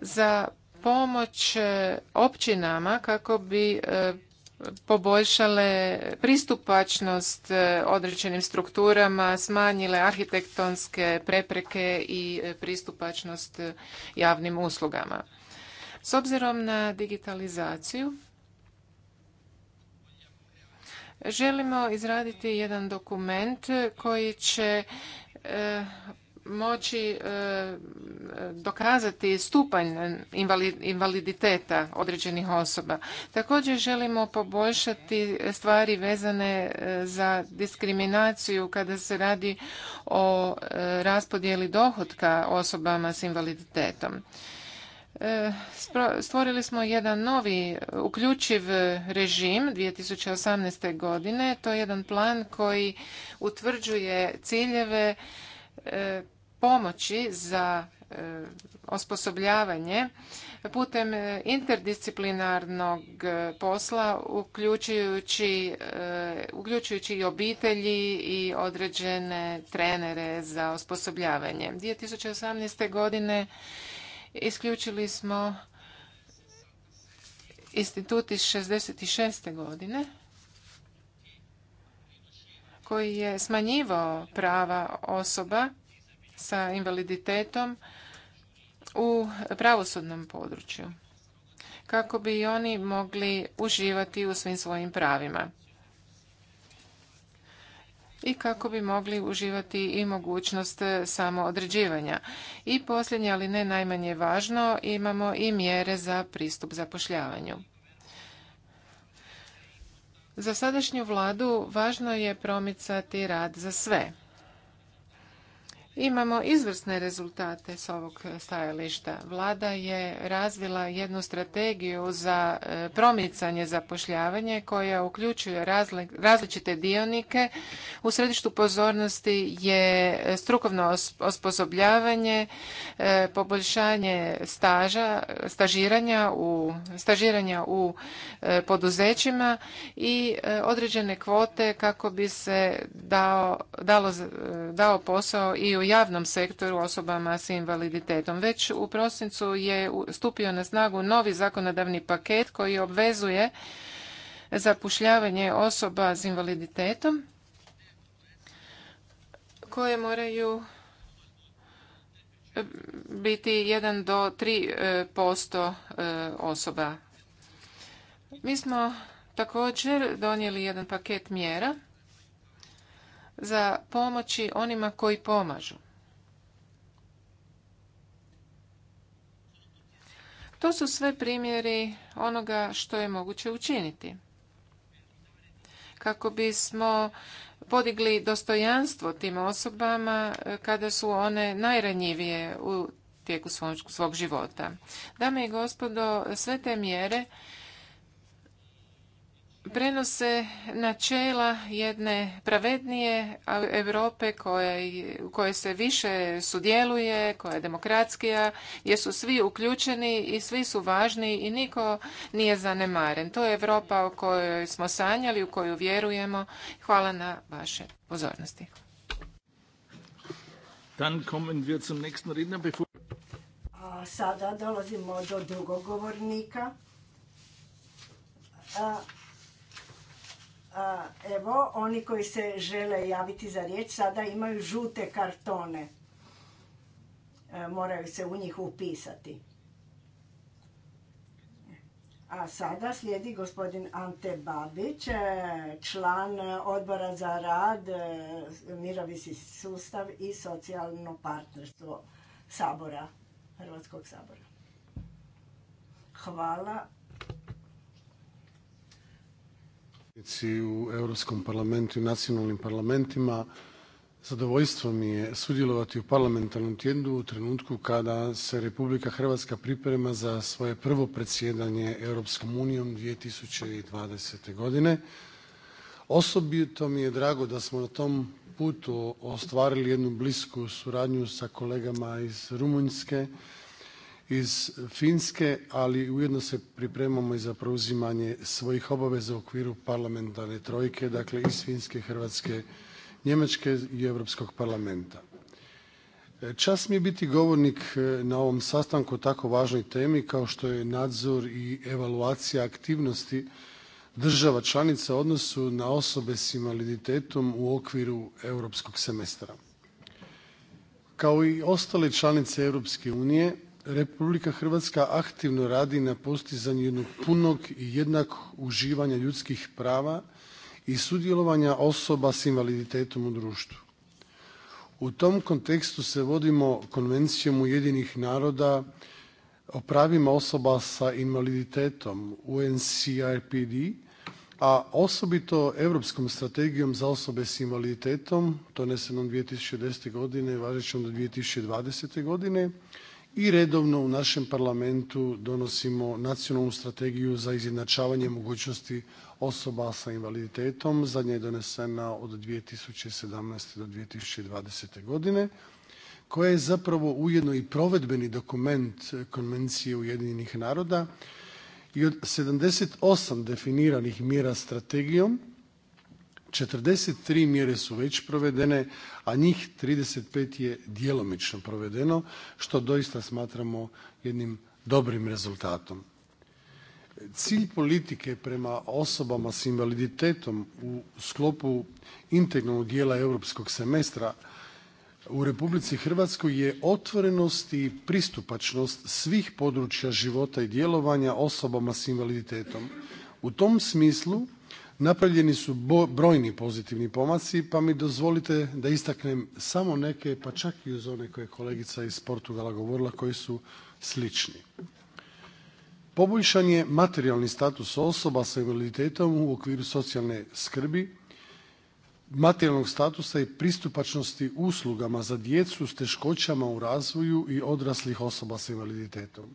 Speaker 2: za pomoć e, općinama kako bi e, poboljšale pristupačnost e, određenim strukturama, smanjile arhitektonske prepreke i pristupačnost javnim uslugama. S obzirom na digitalizaciju, Želimo izraditi jedan dokument koji će e, moći e, dokazati stupanj invaliditeta određenih osoba. Također želimo poboljšati stvari vezane e, za diskriminaciju kada se radi o raspodjeli dohotka osobama s invaliditetom. E, stvorili smo jedan novi uključiv režim 2018. godine. To je jedan plan koji utvrđuje ciljeve e, pomoći za e, osposobljavanje putem interdisciplinarnog posla uključujući, uključujući i obitelji i određene trenere za osposobljavanje. 2018. godine Isključili smo institut iz 66. godine koji je smanjivao prava osoba sa invaliditetom u pravosudnom području kako bi oni mogli uživati u svim svojim pravima i kako bi mogli uživati i mogućnost e, samoodređivanja. I posljednje, ali ne najmanje važno, imamo i mjere za pristup zapošljavanju. Za sadašnju vladu važno je promicati rad za sve Imamo izvrsne rezultate s ovog stajališta. Vlada je razvila jednu strategiju za e, promicanje zapošljavanje koja uključuje različite dionike. U središtu pozornosti je strukovno osposobljavanje, e, poboljšanje staža, stažiranja u, stažiranja u e, poduzećima i određene kvote kako bi se dao, dalo, dao posao i u javnom sektoru osobama s invaliditetom. Već u prosincu je stupio na snagu novi zakonodavni paket koji obvezuje zapošljavanje osoba s invaliditetom koje moraju e, biti 1 do 3% e, e, osoba. Mi smo također donijeli jedan paket mjera za pomoći onima koji pomažu. To su sve primjeri onoga što je moguće učiniti. Kako bismo podigli dostojanstvo tim osobama eh, kada su one najranjivije u tijeku svog, života. Dame i gospodo, sve te mjere prenose načela jedne pravednije Europe u kojoj se više sudjeluje, koja je demokratskija, gdje su svi uključeni i svi su važni i niko nije zanemaren. To je Europa o kojoj smo sanjali, u koju vjerujemo. Hvala na vaše
Speaker 4: pozornosti.
Speaker 1: sada dolazimo do drugog govornika. A Evo, oni koji se žele javiti za riječ sada imaju žute kartone. E, moraju se u njih upisati. A sada slijedi gospodin Ante Babić, e, član odbora za rad, e, mirovisi sustav i socijalno partnerstvo Sabora, Hrvatskog sabora. Hvala
Speaker 4: u Europskom parlamentu i nacionalnim parlamentima. Zadovoljstvo mi je sudjelovati u parlamentarnom tjednu u trenutku kada se Republika Hrvatska priprema za svoje prvo predsjedanje Europskom unijom 2020. godine. Osobito mi je drago da smo na tom putu ostvarili jednu blisku suradnju sa kolegama iz Rumunjske iz Finske, ali ujedno se pripremamo i za preuzimanje svojih obaveza u okviru parlamentarne trojke, dakle iz Finske, Hrvatske, Njemačke i Europskog parlamenta. E, Čast mi je biti govornik e, na ovom sastanku o tako važnoj temi kao što je nadzor i evaluacija aktivnosti država članica u odnosu na osobe s invaliditetom u okviru europskog semestra. Kao i ostale članice Europske unije Republika Hrvatska aktivno radi na postizanju jednog punog i jednakog uživanja ljudskih prava i sudjelovanja osoba s invaliditetom u društvu. U tom kontekstu se vodimo Konvencijom jedinih naroda o pravima osoba sa invaliditetom UNCRPD, a osobito Europskom strategijom za osobe s invaliditetom donesenom 2010. godine, važećom do 2020. godine i redovno u našem Parlamentu donosimo Nacionalnu strategiju za izjednačavanje mogućnosti osoba sa invaliditetom. Zadnja je donesena od 2017. do 2020. godine koja je zapravo ujedno i provedbeni dokument Konvencije Ujedinjenih naroda i od 78 definiranih mjera strategijom 43 mjere su već provedene, a njih 35 je djelomično provedeno što doista smatramo jednim dobrim rezultatom. Cilj politike prema osobama s invaliditetom u sklopu integralnog dijela europskog semestra u Republici Hrvatskoj je otvorenost i pristupačnost svih područja života i djelovanja osobama s invaliditetom. U tom smislu Napravljeni su brojni pozitivni pomaci pa mi dozvolite da istaknem samo neke pa čak i uz one koje je kolegica iz Portugala govorila koji su slični. Poboljšan je materijalni status osoba sa invaliditetom u okviru socijalne skrbi, materijalnog statusa i pristupačnosti uslugama za djecu s teškoćama u razvoju i odraslih osoba sa invaliditetom.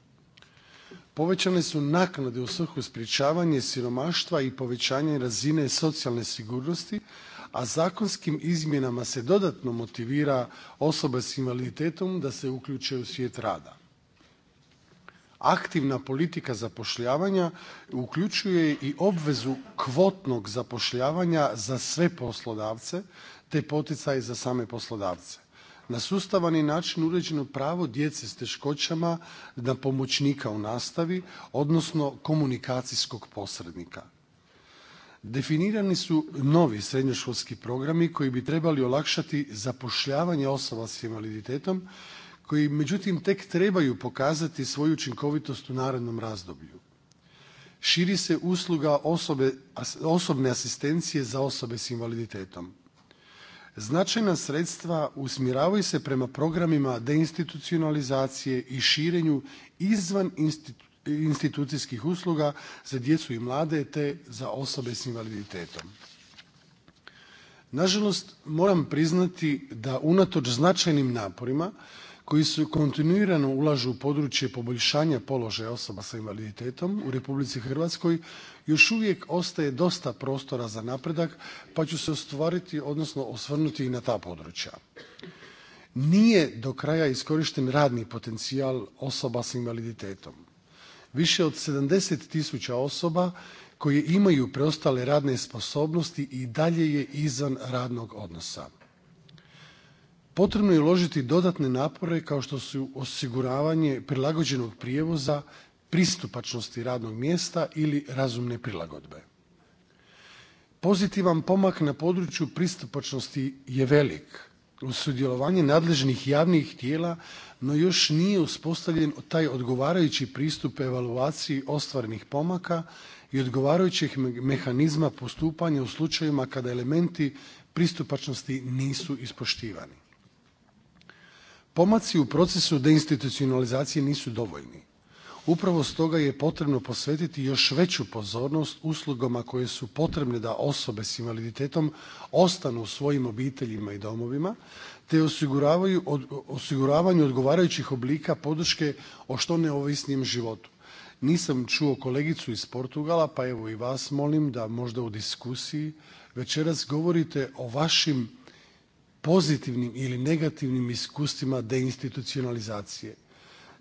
Speaker 4: Povećane su naknade u svrhu sprječavanja siromaštva i povećanje razine socijalne sigurnosti, a zakonskim izmjenama se dodatno motivira osobe s invaliditetom da se uključe u svijet rada. Aktivna politika zapošljavanja uključuje i obvezu kvotnog zapošljavanja za sve poslodavce te poticaje za same poslodavce na sustavan je način uređeno pravo djece s teškoćama na pomoćnika u nastavi odnosno komunikacijskog posrednika. Definirani su novi srednjoškolski programi koji bi trebali olakšati zapošljavanje osoba s invaliditetom koji međutim tek trebaju pokazati svoju učinkovitost u narednom razdoblju. Širi se usluga osobne asistencije za osobe s invaliditetom značajna sredstva usmjeravaju se prema programima deinstitucionalizacije i širenju izvan institucijskih usluga za djecu i mlade te za osobe s invaliditetom. Nažalost, moram priznati da unatoč značajnim naporima koji se kontinuirano ulažu u područje poboljšanja položaja osoba sa invaliditetom u Republici Hrvatskoj još uvijek ostaje dosta prostora za napredak pa ću se ostvariti, odnosno osvrnuti i na ta područja. Nije do kraja iskorišten radni potencijal osoba sa invaliditetom. Više od 70 tisuća osoba koje imaju preostale radne sposobnosti i dalje je izvan radnog odnosa. Potrebno je uložiti dodatne napore kao što su osiguravanje prilagođenog prijevoza, pristupačnosti radnog mjesta ili razumne prilagodbe. Pozitivan pomak na području pristupačnosti je velik uz sudjelovanje nadležnih javnih tijela, no još nije uspostavljen taj odgovarajući pristup evaluaciji ostvarenih pomaka i odgovarajućih mehanizma postupanja u slučajevima kada elementi pristupačnosti nisu ispoštivani. Pomaci u procesu deinstitucionalizacije nisu dovoljni. Upravo stoga je potrebno posvetiti još veću pozornost uslugama koje su potrebne da osobe s invaliditetom ostanu u svojim obiteljima i domovima te osiguravanju odgovarajućih oblika podrške o što neovisnijem životu. Nisam čuo kolegicu iz Portugala pa evo i vas molim da možda u diskusiji večeras govorite o vašim pozitivnim ili negativnim iskustvima deinstitucionalizacije.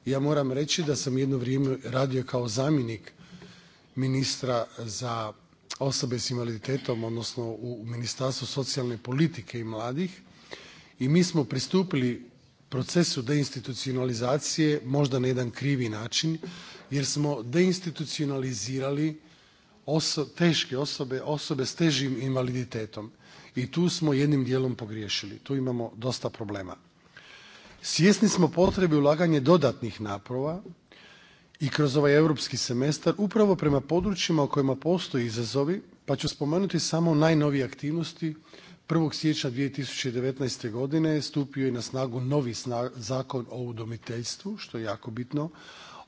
Speaker 4: Ja moram reći da sam jedno vrijeme radio kao zamjenik ministra za osobe s invaliditetom odnosno u Ministarstvu socijalne politike i mladih i mi smo pristupili procesu deinstitucionalizacije možda na jedan krivi način jer smo deinstitucionalizirali teške osobe, osobe s težim invaliditetom i tu smo jednim dijelom pogriješili, tu imamo dosta problema. Svjesni smo potrebe ulaganje dodatnih naprova i kroz ovaj europski semestar upravo prema područjima u kojima postoje izazovi, pa ću spomenuti samo najnovije aktivnosti. 1. siječnja 2019. godine stupio je na snagu novi Zakon o udomiteljstvu, što je jako bitno,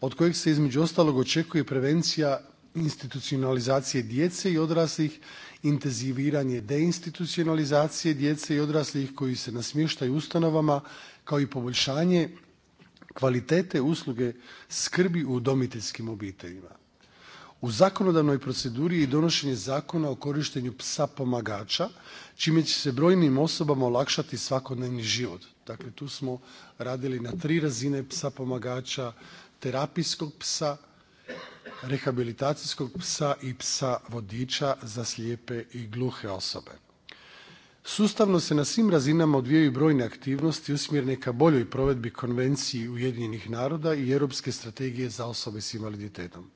Speaker 4: od kojeg se između ostalog očekuje prevencija institucionalizacije djece i odraslih intenziviranje deinstitucionalizacije djece i odraslih koji se nasmještaju u ustanovama kao i poboljšanje kvalitete usluge skrbi u udomiteljskim obiteljima. U zakonodavnoj proceduri je i donošenje Zakona o korištenju psa pomagača čime će se brojnim osobama olakšati svakodnevni život. Dakle, tu smo radili na tri razine psa pomagača, terapijskog psa rehabilitacijskog psa i psa vodiča za slijepe i gluhe osobe. Sustavno se na svim razinama odvijaju brojne aktivnosti usmjerene ka boljoj provedbi Konvenciji Ujedinjenih naroda i Europske strategije za osobe s invaliditetom.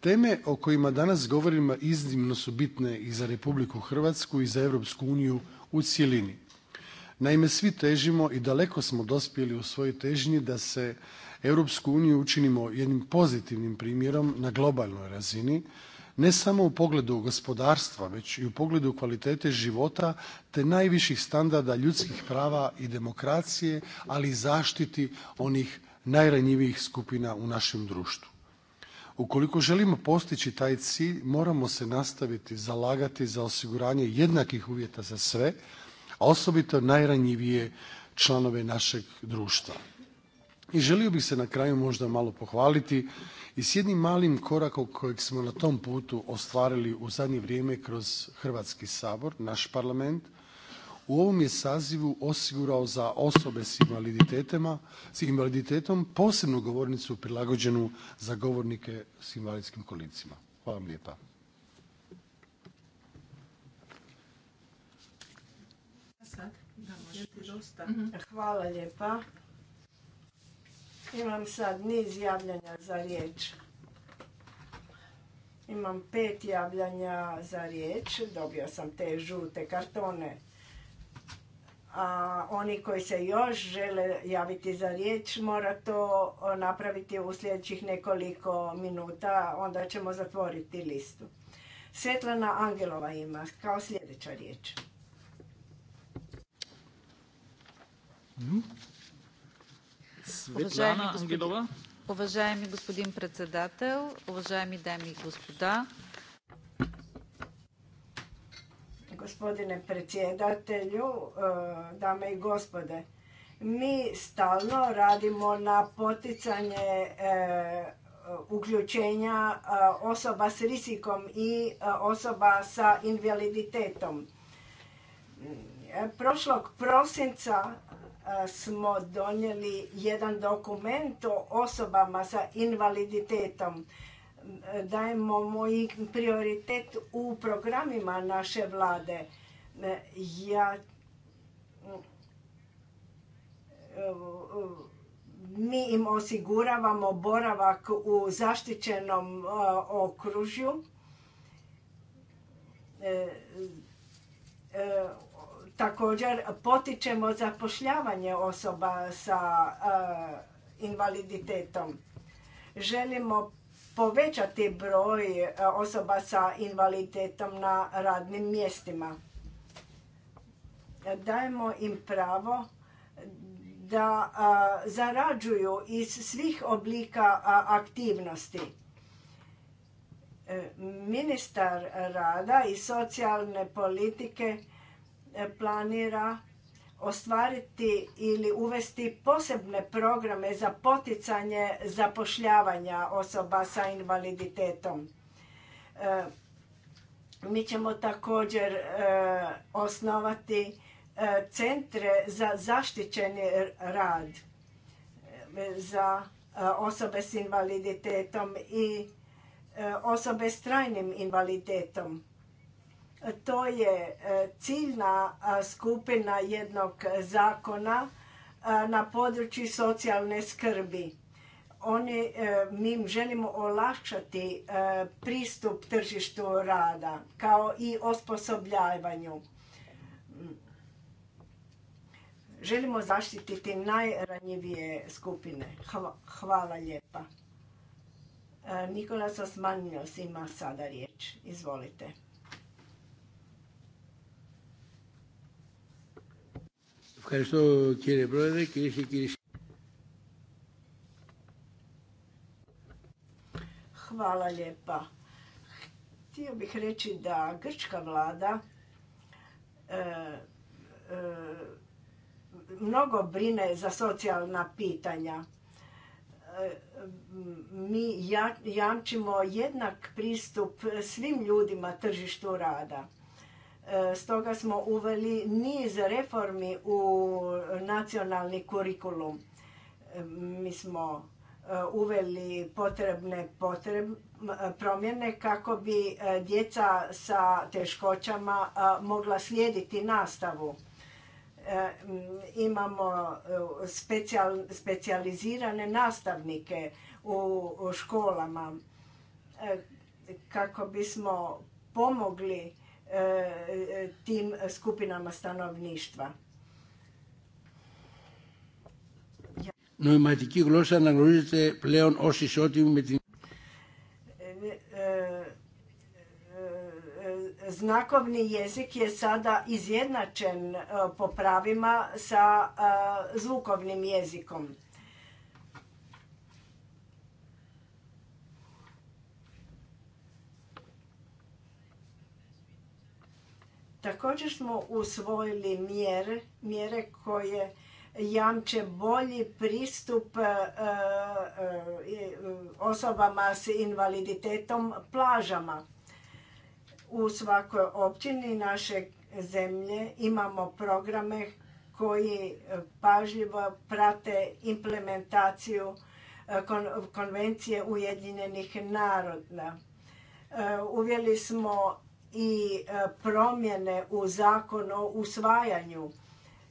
Speaker 4: Teme o kojima danas govorimo iznimno su bitne i za Republiku Hrvatsku i za Europsku uniju u cjelini. Naime, svi težimo i daleko smo dospjeli u svojoj težnji da se Europsku učinimo jednim pozitivnim primjerom na globalnoj razini ne samo u pogledu gospodarstva već i u pogledu kvalitete života te najviših standarda ljudskih prava i demokracije, ali i zaštiti onih najranjivijih skupina u našem društvu. Ukoliko želimo postići taj cilj moramo se nastaviti zalagati za osiguranje jednakih uvjeta za sve, osobito najranjivije članove našeg društva. I želio bih se na kraju možda malo pohvaliti i s jednim malim korakom kojeg smo na tom putu ostvarili u zadnje vrijeme kroz Hrvatski sabor, naš Parlament. U ovom je sazivu osigurao za osobe s invaliditetom posebnu govornicu prilagođenu za govornike s invalidskim kolicima. Hvala vam lijepa.
Speaker 3: Mhm. Hvala lijepa.
Speaker 1: Imam sad niz javljanja za riječ. Imam pet javljanja za riječ. Dobio sam te žute kartone. A oni koji se još žele javiti za riječ mora to napraviti u sljedećih nekoliko minuta. Onda ćemo zatvoriti listu. Svetlana Angelova ima kao sljedeća riječ.
Speaker 4: Светлана Ангелова. Уважаеми господин председател, уважаеми дами и господа.
Speaker 1: Gospodine predsjedatelju, dame i gospode, mi stalno radimo na poticanje uključenja osoba s rizikom i osoba sa invaliditetom. Prošlog prosinca smo donijeli jedan dokument o osobama sa invaliditetom. Dajemo moj prioritet u programima naše vlade. E, ja e, mi im osiguravamo boravak u zaštićenom e, okružju. Također potičemo zapošljavanje osoba sa eh, invaliditetom. Želimo povećati broj eh, osoba sa invaliditetom na radnim mjestima. Dajemo im pravo da eh, zarađuju iz svih oblika aktivnosti. Ministar rada i socijalne politike E, planira ostvariti ili uvesti posebne programe za poticanje zapošljavanja osoba sa invaliditetom. E, mi ćemo također e, osnovati centre za zaštićeni rad za osobe s invaliditetom i osobe s trajnim invaliditetom to je e, ciljna skupina jednog zakona na području socijalne skrbi. Oni, e, mi želimo olakšati e, pristup tržištu rada kao i osposobljavanju. Želimo zaštititi najranjivije skupine. Hvala lijepa. Nikola Osmanijos ima sada riječ. Izvolite. Hvala lijepa. Htio bih reći da grčka vlada e, e, mnogo brine za socijalna pitanja. E, mi jamčimo jednak pristup svim ljudima tržištu rada E, stoga smo uveli niz reformi u nacionalni kurikulum. E, mi smo e, uveli potrebne promjene kako bi djeca sa teškoćama mogla slijediti nastavu. Imamo specijal, specijalizirane nastavnike u školama kako bismo pomogli Eh, tim skupinama stanovništva. Eh, eh, znakovni jezik je sada izjednačen po pravima sa zvukovnim jezikom. Također smo usvojili mjere, koje jamče bolji pristup e, e, e, osobama s invaliditetom plažama. U svakoj općini naše zemlje imamo programe koji pažljivo prate implementaciju konvencije Ujedinjenih naroda. Uvjeli smo i e, promjene u zakonu o usvajanju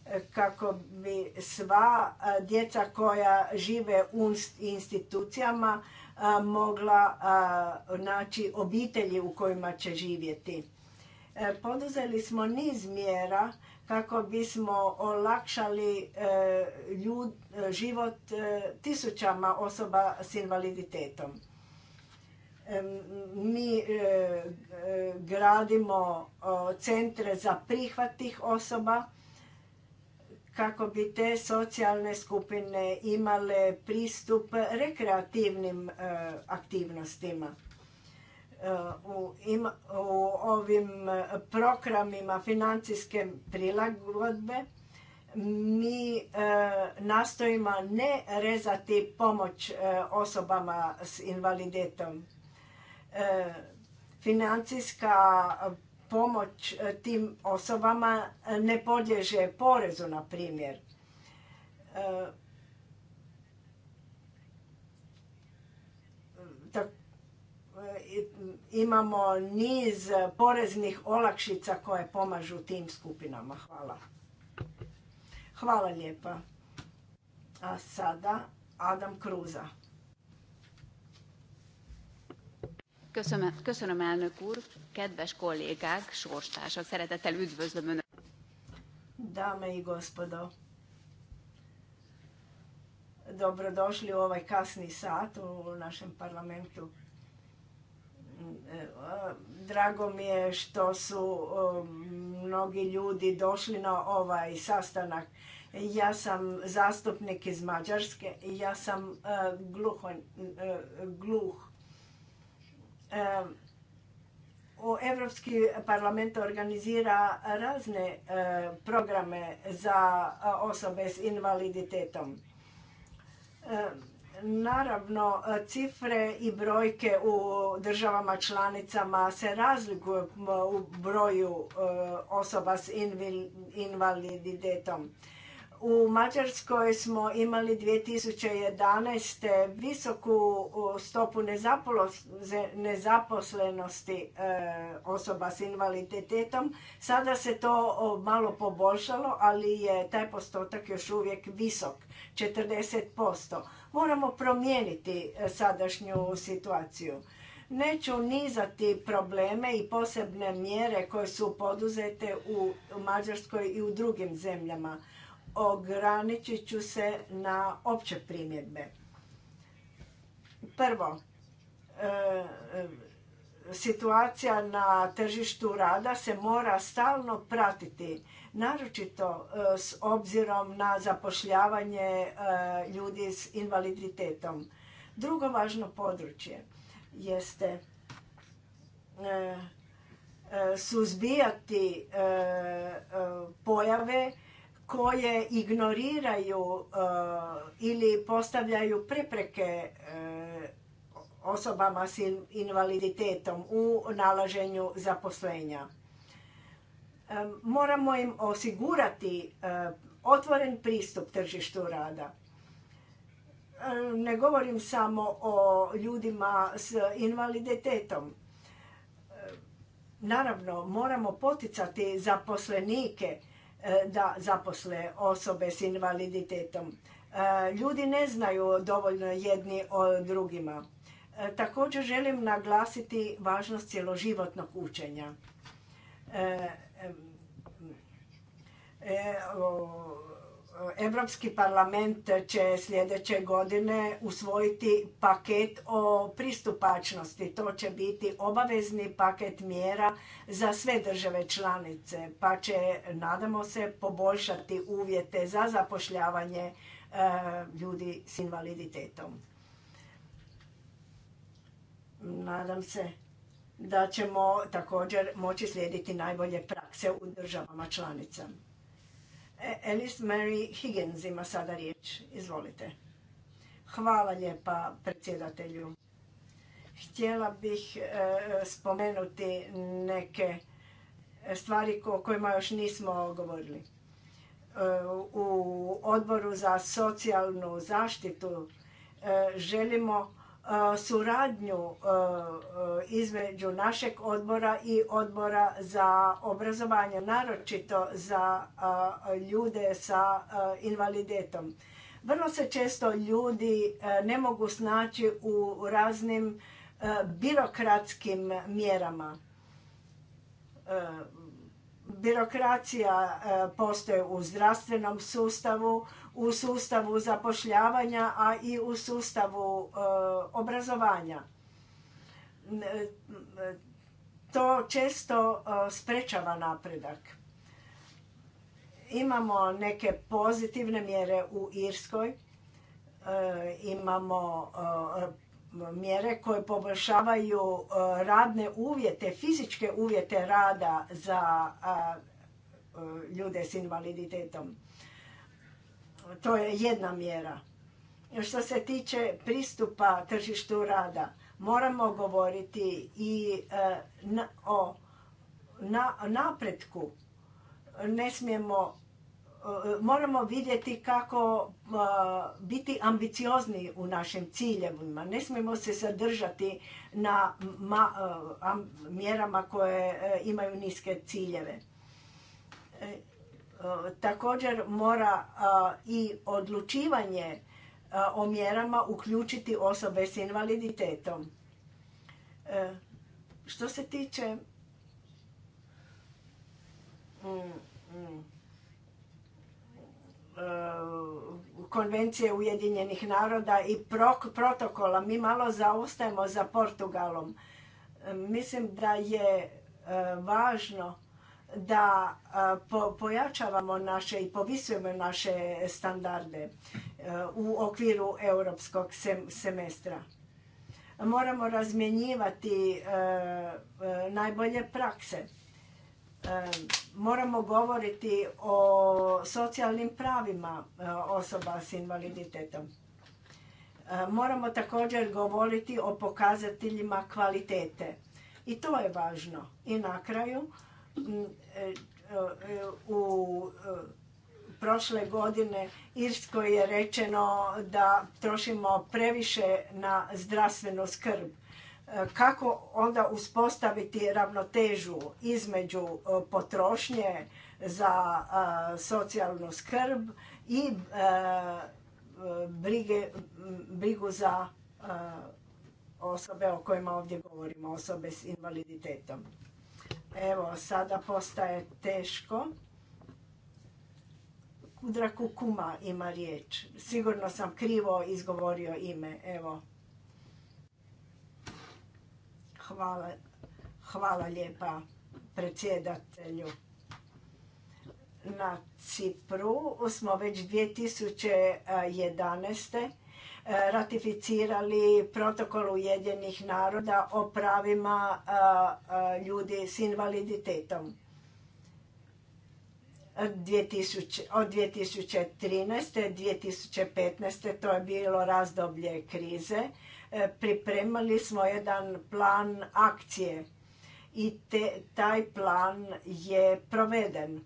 Speaker 1: e, kako bi sva e, djeca koja žive u institucijama mogla naći obitelji u kojima će živjeti. Poduzeli smo niz mjera kako bismo olakšali život tisućama osoba s invaliditetom mi e, e, gradimo centre za prihvat tih osoba kako bi te socijalne skupine imale pristup rekreativnim e, aktivnostima. U, ovim programima financijske prilagodbe mi nastojimo ne rezati pomoć osobama s invaliditetom E, financijska pomoć e, tim osobama e, ne podlježe porezu, na primjer. Imamo niz poreznih olakšica koje pomažu tim skupinama. Hvala. Hvala lijepa. A sada Adam Kruza. Köszönöm, köszönöm kedves kollégák, szeretettel Dame i gospodo, dobrodošli u ovaj kasni sat u našem parlamentu. Drago mi je što su um, mnogi ljudi došli na ovaj sastanak. Ja sam zastupnik iz Mađarske i ja sam uh, gluho uh, gluh Europski parlament organizira razne programe za osobe s invaliditetom. Naravno, cifre i brojke u državama članicama se razlikuju u broju osoba s invaliditetom. U Mađarskoj smo imali 2011. visoku stopu nezaposlenosti e, osoba s invaliditetom. Sada se to malo poboljšalo, ali je taj postotak još uvijek visok, 40%. Moramo promijeniti e, sadašnju situaciju. Neću nizati probleme i posebne mjere koje su poduzete u Mađarskoj i u drugim zemljama ograničit ću se na opće primjedbe. Prvo, e, e, situacija na tržištu rada se mora stalno pratiti, naročito e, s obzirom na zapošljavanje ljudi s invaliditetom. Drugo važno područje jeste suzbijati pojave koje ignoriraju eh, ili postavljaju prepreke eh, osobama s invaliditetom u nalaženju zaposlenja. Moramo im osigurati eh, otvoren pristup tržištu rada. Ne govorim samo o ljudima s invaliditetom. Naravno, moramo poticati zaposlenike E, da zaposle osobe s invaliditetom. E, ljudi ne znaju dovoljno jedni o drugima. E, također želim naglasiti važnost cjeloživotnog učenja. Europski parlament će sljedeće godine usvojiti paket o pristupačnosti. To će biti obavezni paket mjera za sve države članice, pa će, nadamo se, poboljšati uvjete za zapošljavanje e, ljudi s invaliditetom. Nadam se da ćemo također moći slijediti najbolje prakse u državama članicama. E, Elis Mary Higgins ima sada riječ. Izvolite. Hvala lijepa predsjedatelju. Htjela bih e, spomenuti neke stvari o kojima još nismo govorili. E, u odboru za socijalnu zaštitu želimo suradnju između našeg odbora i odbora za obrazovanje, naročito za ljude sa invaliditetom. Vrlo se često ljudi ne mogu snaći u raznim birokratskim mjerama. Birokracija postoje u zdravstvenom sustavu, u sustavu zapošljavanja, a i u sustavu e, obrazovanja. E, to često e, sprečava napredak. Imamo neke pozitivne mjere u Irskoj. imamo mjere koje poboljšavaju radne uvjete, fizičke uvjete rada za ljude s invaliditetom to je jedna mjera. Što se tiče pristupa tržištu rada, moramo govoriti i e, o napretku. Ne smijemo, e, moramo vidjeti kako e, biti ambiciozni u našim ciljevima. Ne smijemo se zadržati na mjerama koje imaju niske ciljeve E, također mora e, i odlučivanje e, o mjerama uključiti osobe s invaliditetom. Što se tiče mm, mm, konvencije Ujedinjenih naroda i protokola, mi malo zaostajemo za Portugalom. Mislim da je važno da pojačavamo naše i povisujemo naše standarde e, u okviru europskog semestra. Moramo razmjenjivati e, e, najbolje prakse. Moramo govoriti o socijalnim pravima osoba s invaliditetom. Moramo također govoriti o pokazateljima kvalitete. I to je važno. I na kraju u e, prošle godine Irskoj je rečeno da trošimo previše na zdravstvenu skrb. E, kako onda uspostaviti ravnotežu između e, potrošnje za socijalnu skrb i brigu za osobe o kojima ovdje govorimo, osobe s invaliditetom. Evo, sada postaje teško. Kudra Kuma ima riječ. Sigurno sam krivo izgovorio ime. Evo. Hvala, hvala lijepa predsjedatelju. Na Cipru smo već 2011 E, ratificirali protokol Ujedinjenih naroda o pravima e, e, ljudi s invaliditetom. od 2013. 2015. to je bilo razdoblje krize. Pripremali smo jedan plan akcije i taj plan je proveden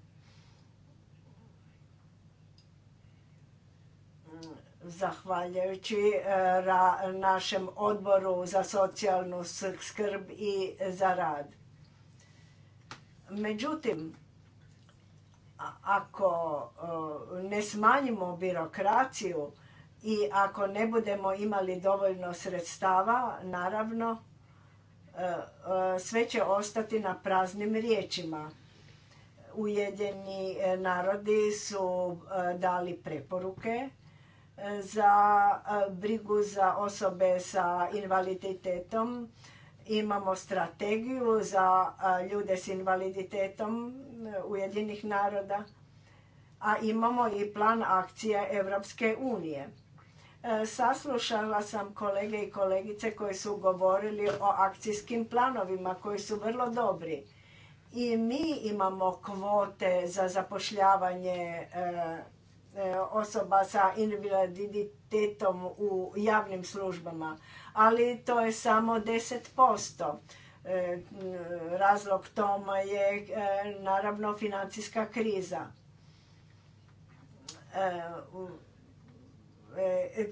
Speaker 1: zahvaljujući e, našem odboru za socijalnu skrb i za rad. Međutim, ako e, ne smanjimo birokraciju i ako ne budemo imali dovoljno sredstava, naravno, e, sve će ostati na praznim riječima. Ujedini narodi su dali preporuke za e, brigu za osobe sa invaliditetom. Imamo strategiju za e, ljude s invaliditetom e, Ujedinih naroda, a imamo i plan akcije Evropske unije. Saslušala sam kolege i kolegice koji su govorili o akcijskim planovima koji su vrlo dobri. I mi imamo kvote za zapošljavanje E, osoba sa invaliditetom u javnim službama, ali to je samo 10%. E, razlog tome je e, naravno financijska kriza.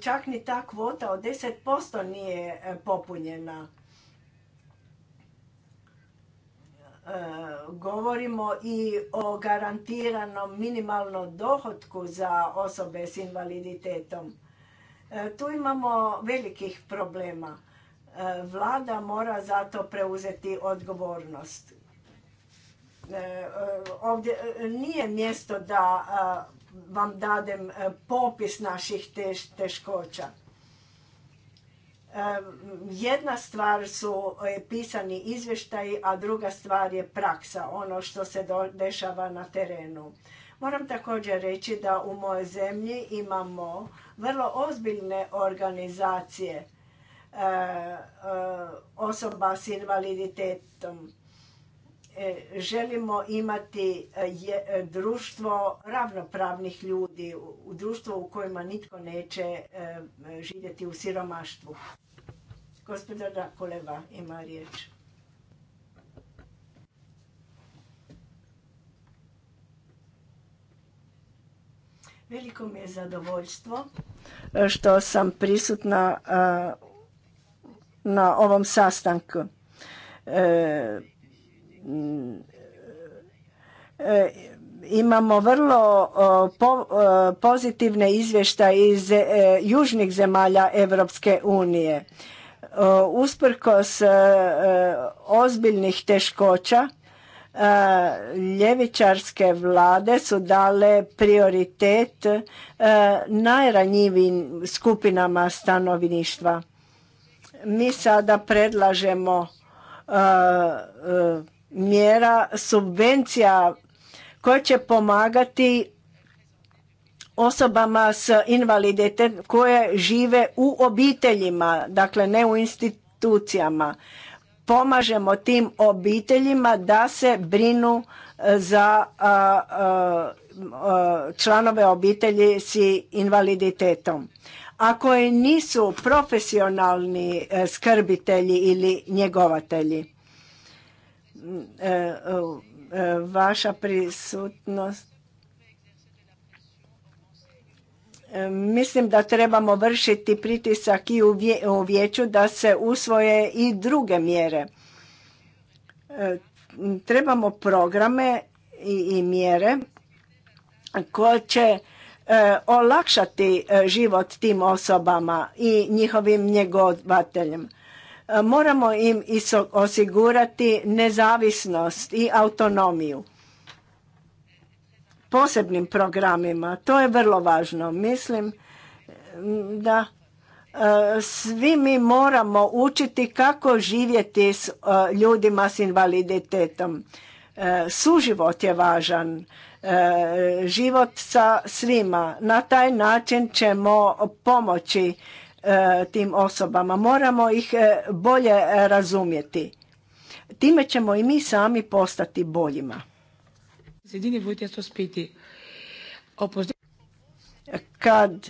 Speaker 1: Čak ni ta kvota od 10% nije popunjena E, govorimo i o garantiranom minimalnom dohodku za osobe s invaliditetom. E, tu imamo velikih problema. E, Vlada mora zato preuzeti odgovornost. Ovdje nije mjesto da vam dadem popis naših teškoća jedna stvar su e, pisani izvještaji, a druga stvar je praksa, ono što se dešava na terenu. Moram također reći da u mojoj zemlji imamo vrlo ozbiljne organizacije e, e, osoba s invaliditetom E, želimo imati e, e, društvo ravnopravnih ljudi, u društvo u kojima nitko neće živjeti u siromaštvu. Gospoda Rakoleva ima riječ. Veliko mi je zadovoljstvo što sam prisutna na ovom sastanku. Mm, e, e, imamo vrlo e, pozitivne izvješta iz južnih zemalja Europske unije. Usprkos ozbiljnih teškoća, ljevičarske vlade su dale prioritet najranjivim skupinama stanovništva. Mi sada predlažemo mjera subvencija koja će pomagati osobama s invaliditetom koje žive u obiteljima, dakle ne u institucijama. Pomažemo tim obiteljima da se brinu e, za članove obitelji s invaliditetom. Ako nisu profesionalni e, skrbitelji ili njegovatelji vaša prisutnost mislim da trebamo vršiti pritisak i u vijeću da se usvoje i druge mjere. Trebamo programe i mjere koje će e, olakšati e, život tim osobama i njihovim njegovateljem. E, moramo im osigurati nezavisnost i autonomiju posebnim programima. To je vrlo važno. Mislim da e, svi mi moramo učiti kako živjeti s e, ljudima s invaliditetom. Suživot je važan, život sa svima. Na taj način ćemo pomoći E, tim osobama. Moramo ih e, bolje razumjeti. Time ćemo i mi sami postati boljima. Kad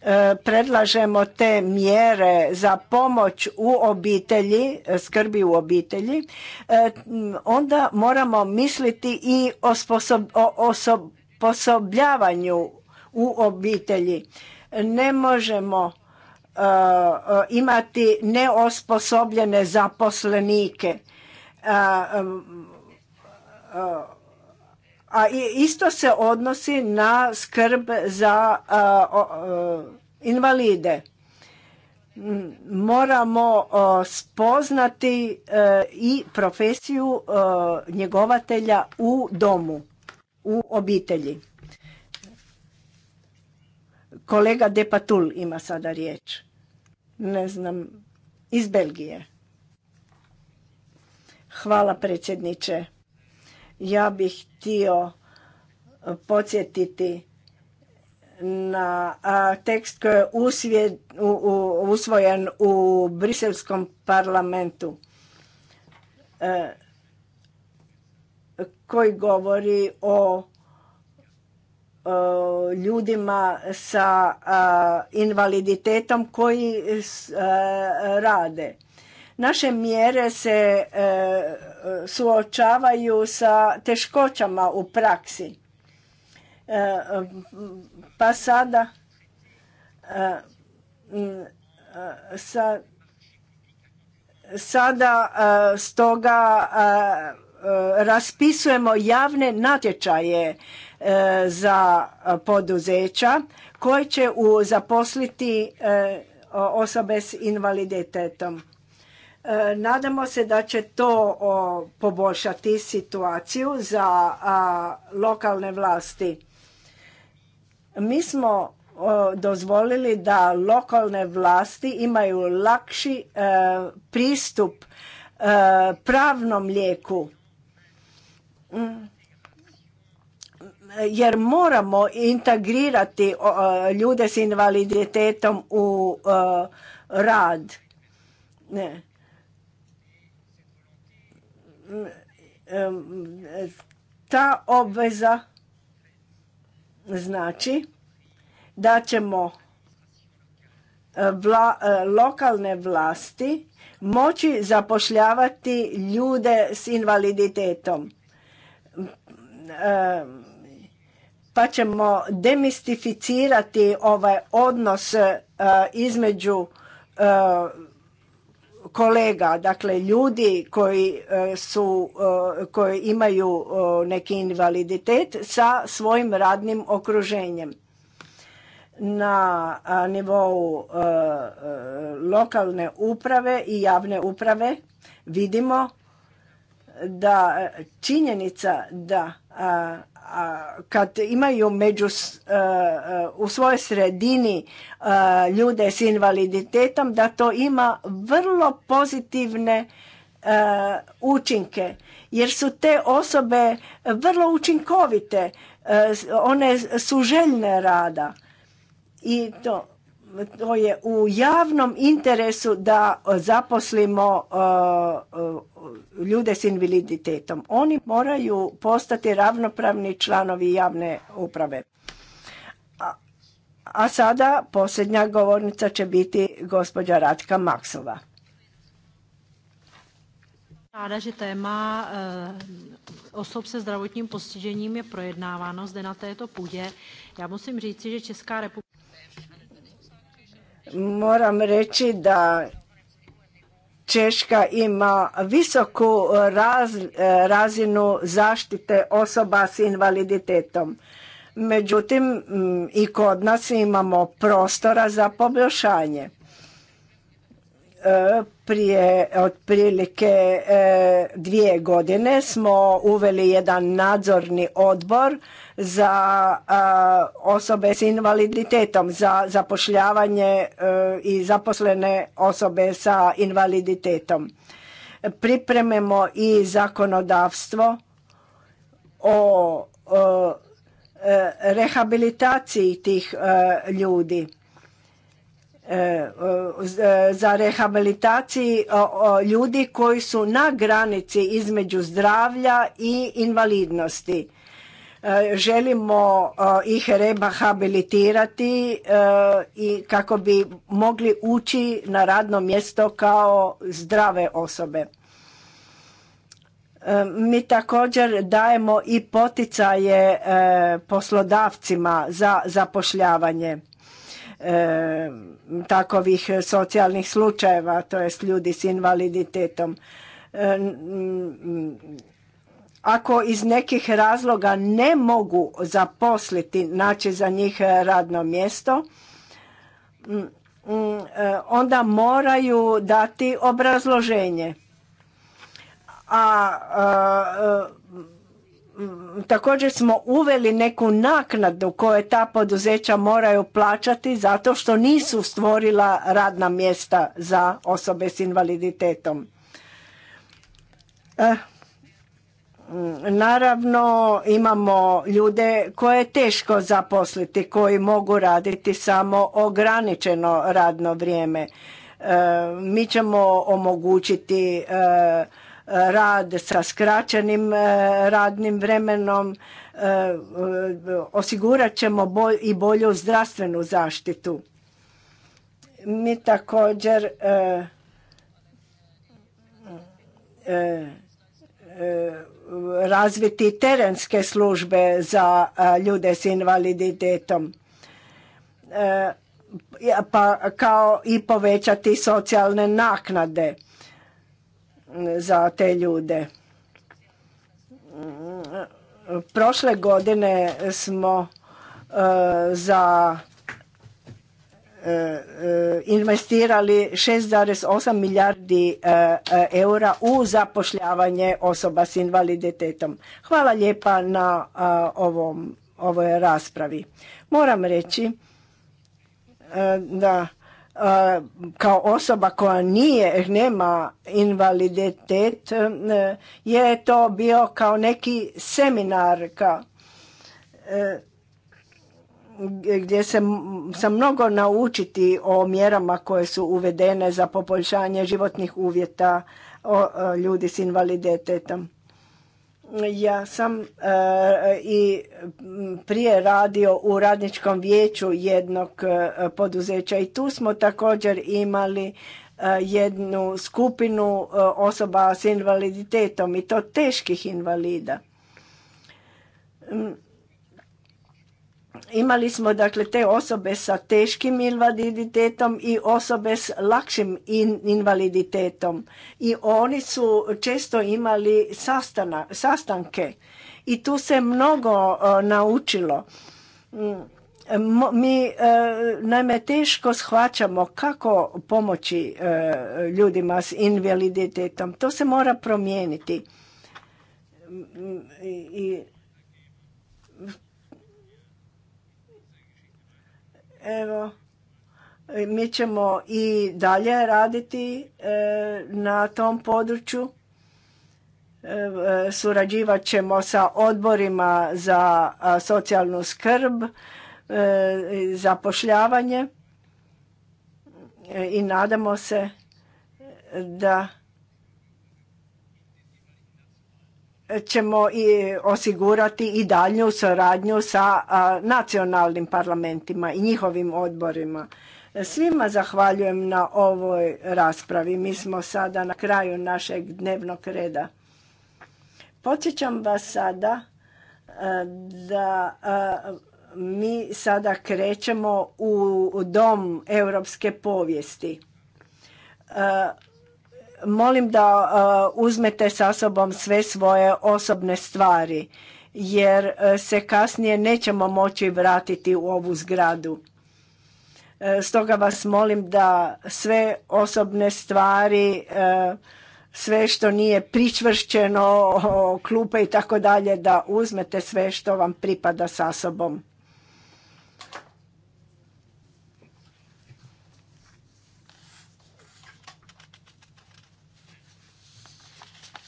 Speaker 1: e, predlažemo te mjere za pomoć u obitelji, skrbi u obitelji, onda moramo misliti i o osposobljavanju u obitelji. Ne možemo Eh, imati neosposobljene zaposlenike. Eh, eh, a isto se odnosi na skrb za invalide. Moramo spoznati i profesiju njegovatelja u domu, u obitelji. Kolega Depatul ima sada riječ. Ne znam, iz Belgije. Hvala predsjedniče. Ja bih htio e, podsjetiti na tekst koji je usvojen u Briselskom parlamentu e, koji govori o E, ljudima sa e, invaliditetom koji e, rade. Naše mjere se suočavaju sa teškoćama u praksi. Pa sada sa, sada stoga raspisujemo javne natječaje E, za poduzeća koji će zaposliti e, osobe s invaliditetom. E, nadamo se da će to poboljšati situaciju za lokalne vlasti. Mi smo dozvolili da lokalne vlasti imaju lakši pristup pravnom lijeku. Mm jer moramo integrirati ljude s invaliditetom u rad. Ne. Ta obveza znači da ćemo e, e, lokalne vlasti moći zapošljavati ljude s invaliditetom. E, pa ćemo demistificirati ovaj odnos e, između e, kolega, dakle ljudi koji e, su, koji imaju neki invaliditet sa svojim radnim okruženjem. Na nivou lokalne uprave i javne uprave vidimo da činjenica da kad imaju među, e, e, u svojoj sredini e, ljude s invaliditetom, da to ima vrlo pozitivne učinke, jer su te osobe vrlo učinkovite, one su željne rada i to to je u javnom interesu da e, zaposlimo e, e, ljude s invaliditetom. Oni moraju postati ravnopravni članovi javne uprave. A sada posljednja govornica će biti gospođa ratka Maksova. Ráda, že téma osob se zdravotním postižením je projednáváno zde na této půdě. Já musím říci, že Česká republika Moram reći da Češka ima visoku razinu zaštite osoba s invaliditetom. Međutim, i kod nas imamo prostora za poboljšanje prije otprilike e, dvije godine smo uveli jedan nadzorni odbor za osobe s invaliditetom, za zapošljavanje e, i zaposlene osobe sa invaliditetom. Priprememo i zakonodavstvo o e, rehabilitaciji tih ljudi E, e, za rehabilitaciji ljudi koji su na granici između zdravlja i invalidnosti. E, želimo ih rehabilitirati i kako bi mogli ući na radno mjesto kao zdrave osobe. Mi također dajemo i poticaje poslodavcima za zapošljavanje takovih socijalnih slučajeva, to jest ljudi s invaliditetom. Ako iz nekih razloga ne mogu zaposliti, naći za njih radno mjesto, onda moraju dati obrazloženje. A Mm, također smo uveli neku naknadu koju ta poduzeća moraju plaćati zato što nisu stvorila radna mjesta za osobe s invaliditetom. Eh, mm, naravno imamo ljude koje je teško zaposliti, koji mogu raditi samo ograničeno radno vrijeme. Eh, mi ćemo omogućiti eh, rad sa skraćenim e, radnim vremenom, e, osigurat ćemo i bolju zdravstvenu zaštitu. Mi također e, razviti terenske službe za ljude s invaliditetom pa kao i povećati socijalne naknade za te ljude. Prošle godine smo e, za e, e, investirali 6,8 milijardi eura u zapošljavanje osoba s invaliditetom. Hvala lijepa na ovoj raspravi. Moram reći da E, kao osoba koja nije, nema invaliditet, e, je to bio kao neki seminar e, gdje se sam mnogo naučiti o mjerama koje su uvedene za poboljšanje životnih uvjeta ljudi s invaliditetom. Ja sam e, i prije radio u radničkom vijeću jednog e, poduzeća i tu smo također imali e, jednu skupinu osoba s invaliditetom i to teških invalida. Imali smo dakle te osobe sa teškim invaliditetom i osobe s lakšim invaliditetom i oni su često imali sastana, sastanke i tu se mnogo e, naučilo. Mm, mi uh, naime teško shvaćamo kako pomoći e, ljudima s invaliditetom. To se mora promijeniti. Mm, I, Evo, mi ćemo i dalje raditi e, na tom području. E, surađivat ćemo sa odborima za socijalnu skrb, e, zapošljavanje i nadamo se da ćemo i osigurati i daljnju suradnju sa nacionalnim parlamentima i njihovim odborima. Svima zahvaljujem na ovoj raspravi. Mi smo sada na kraju našeg dnevnog reda. Podsjećam vas sada da mi sada krećemo u dom europske povijesti. Molim da e, uzmete sa sobom sve svoje osobne stvari jer e, se kasnije nećemo moći vratiti u ovu zgradu. E, stoga vas molim da sve osobne stvari, sve što nije pričvršćeno, klupe i tako dalje, da uzmete sve što vam pripada sa sobom.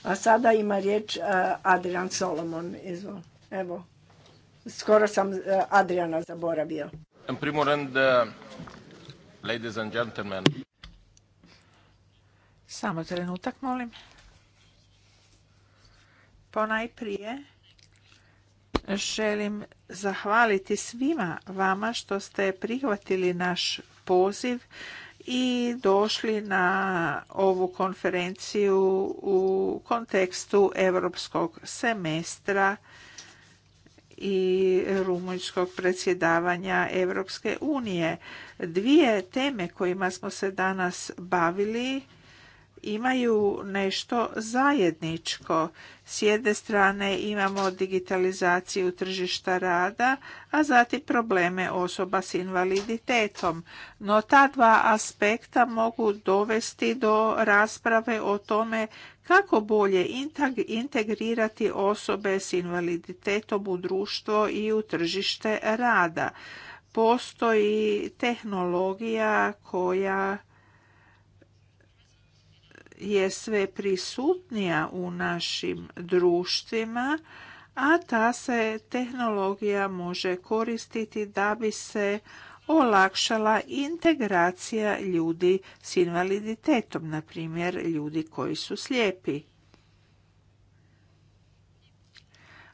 Speaker 1: A sada ima riječ e, Adrian Solomon. Evo, skoro sam e, Adriana
Speaker 3: zaboravio.
Speaker 2: În primo rende, ladies and gentlemen.
Speaker 3: Samo trenutak, molim. Ponajprije želim zahvaliti svima vama što ste prihvatili naš poziv i došli na ovu konferenciju u kontekstu europskog semestra i rumunjskog predsjedavanja Europske unije. Dvije teme kojima smo se danas bavili imaju nešto zajedničko. S jedne strane imamo digitalizaciju tržišta rada, a zatim probleme osoba s invaliditetom. No ta dva aspekta mogu dovesti do rasprave o tome kako bolje integrirati osobe s invaliditetom u društvo i u tržište rada. Postoji tehnologija koja je sve prisutnija u našim društvima, a ta se tehnologija može koristiti da bi se olakšala integracija ljudi s invaliditetom, na primjer ljudi koji su slijepi.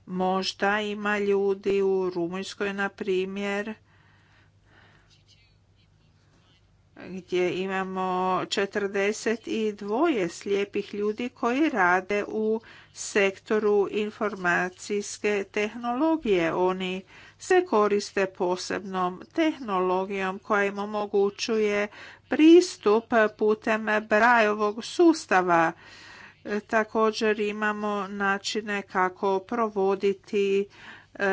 Speaker 3: Možda ima ljudi u Rumunjskoj, na primjer, gdje imamo 42 slijepih ljudi koji rade u sektoru informacijske tehnologije. Oni se koriste posebnom tehnologijom koja im omogućuje pristup putem brajovog sustava. Također imamo načine kako provoditi e,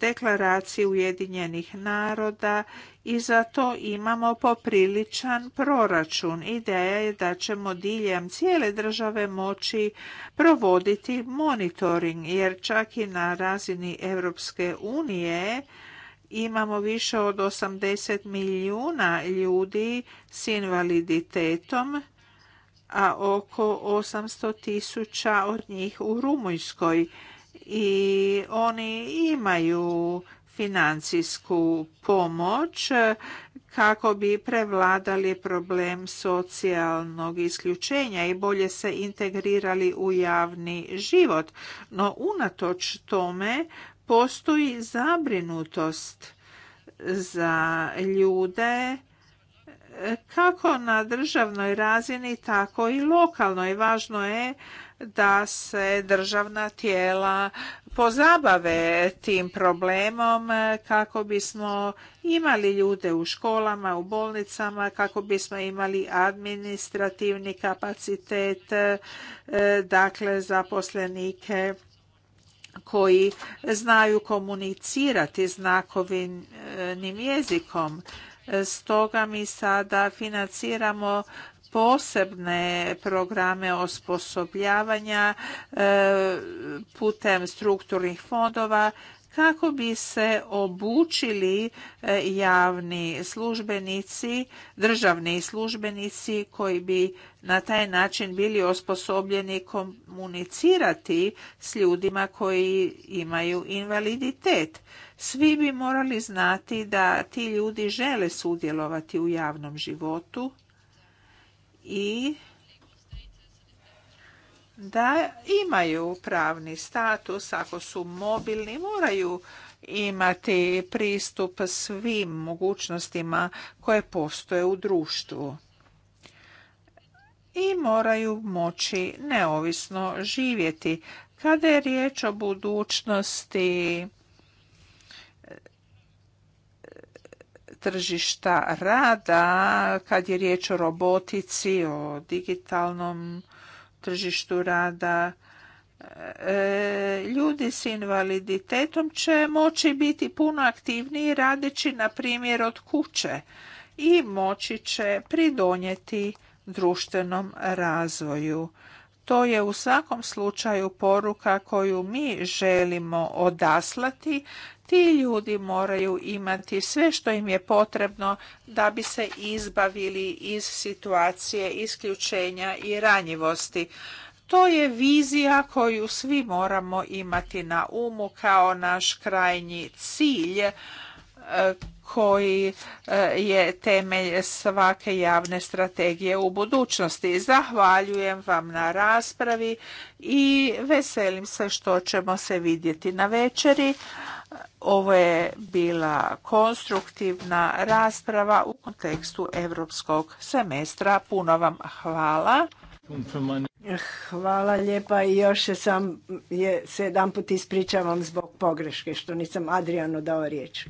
Speaker 3: deklaraciju Ujedinjenih naroda i zato imamo popriličan proračun. Ideja je da ćemo diljem cijele države moći provoditi monitoring jer čak i na razini Europske unije imamo više od 80 milijuna ljudi s invaliditetom a oko 800 tisuća od njih u Rumunjskoj i oni imaju financijsku pomoć kako bi prevladali problem socijalnog isključenja i bolje se integrirali u javni život. No unatoč tome postoji zabrinutost za ljude kako na državnoj razini, tako i lokalnoj. Važno je da se državna tijela pozabave tim problemom kako bismo imali ljude u školama, u bolnicama, kako bismo imali administrativni kapacitet, e, dakle zaposlenike koji znaju komunicirati znakovnim e, jezikom. Stoga mi sada financiramo posebne programe osposobljavanja e, putem strukturnih fondova kako bi se obučili e, javni službenici, državni službenici koji bi na taj način bili osposobljeni komunicirati s ljudima koji imaju invaliditet. Svi bi morali znati da ti ljudi žele sudjelovati u javnom životu i da imaju pravni status ako su mobilni moraju imati pristup svim mogućnostima koje postoje u društvu i moraju moći neovisno živjeti kada je riječ o budućnosti tržišta rada kad je riječ o robotici, o digitalnom tržištu rada. E, ljudi s invaliditetom će moći biti puno aktivniji radeći na primjer od kuće i moći će pridonijeti društvenom razvoju. To je u svakom slučaju poruka koju mi želimo odaslati ti ljudi moraju imati sve što im je potrebno da bi se izbavili iz situacije isključenja i ranjivosti. To je vizija koju svi moramo imati na umu kao naš krajnji cilj e, koji e, je temelj svake javne strategije u budućnosti. Zahvaljujem vam na raspravi i veselim se što ćemo se vidjeti na večeri. Ovo je bila konstruktivna rasprava u kontekstu europskog semestra. Puno vam hvala. Hvala lijepa i još sam
Speaker 1: je, se jedan put ispričavam zbog pogreške što nisam Adrianu dao riječ.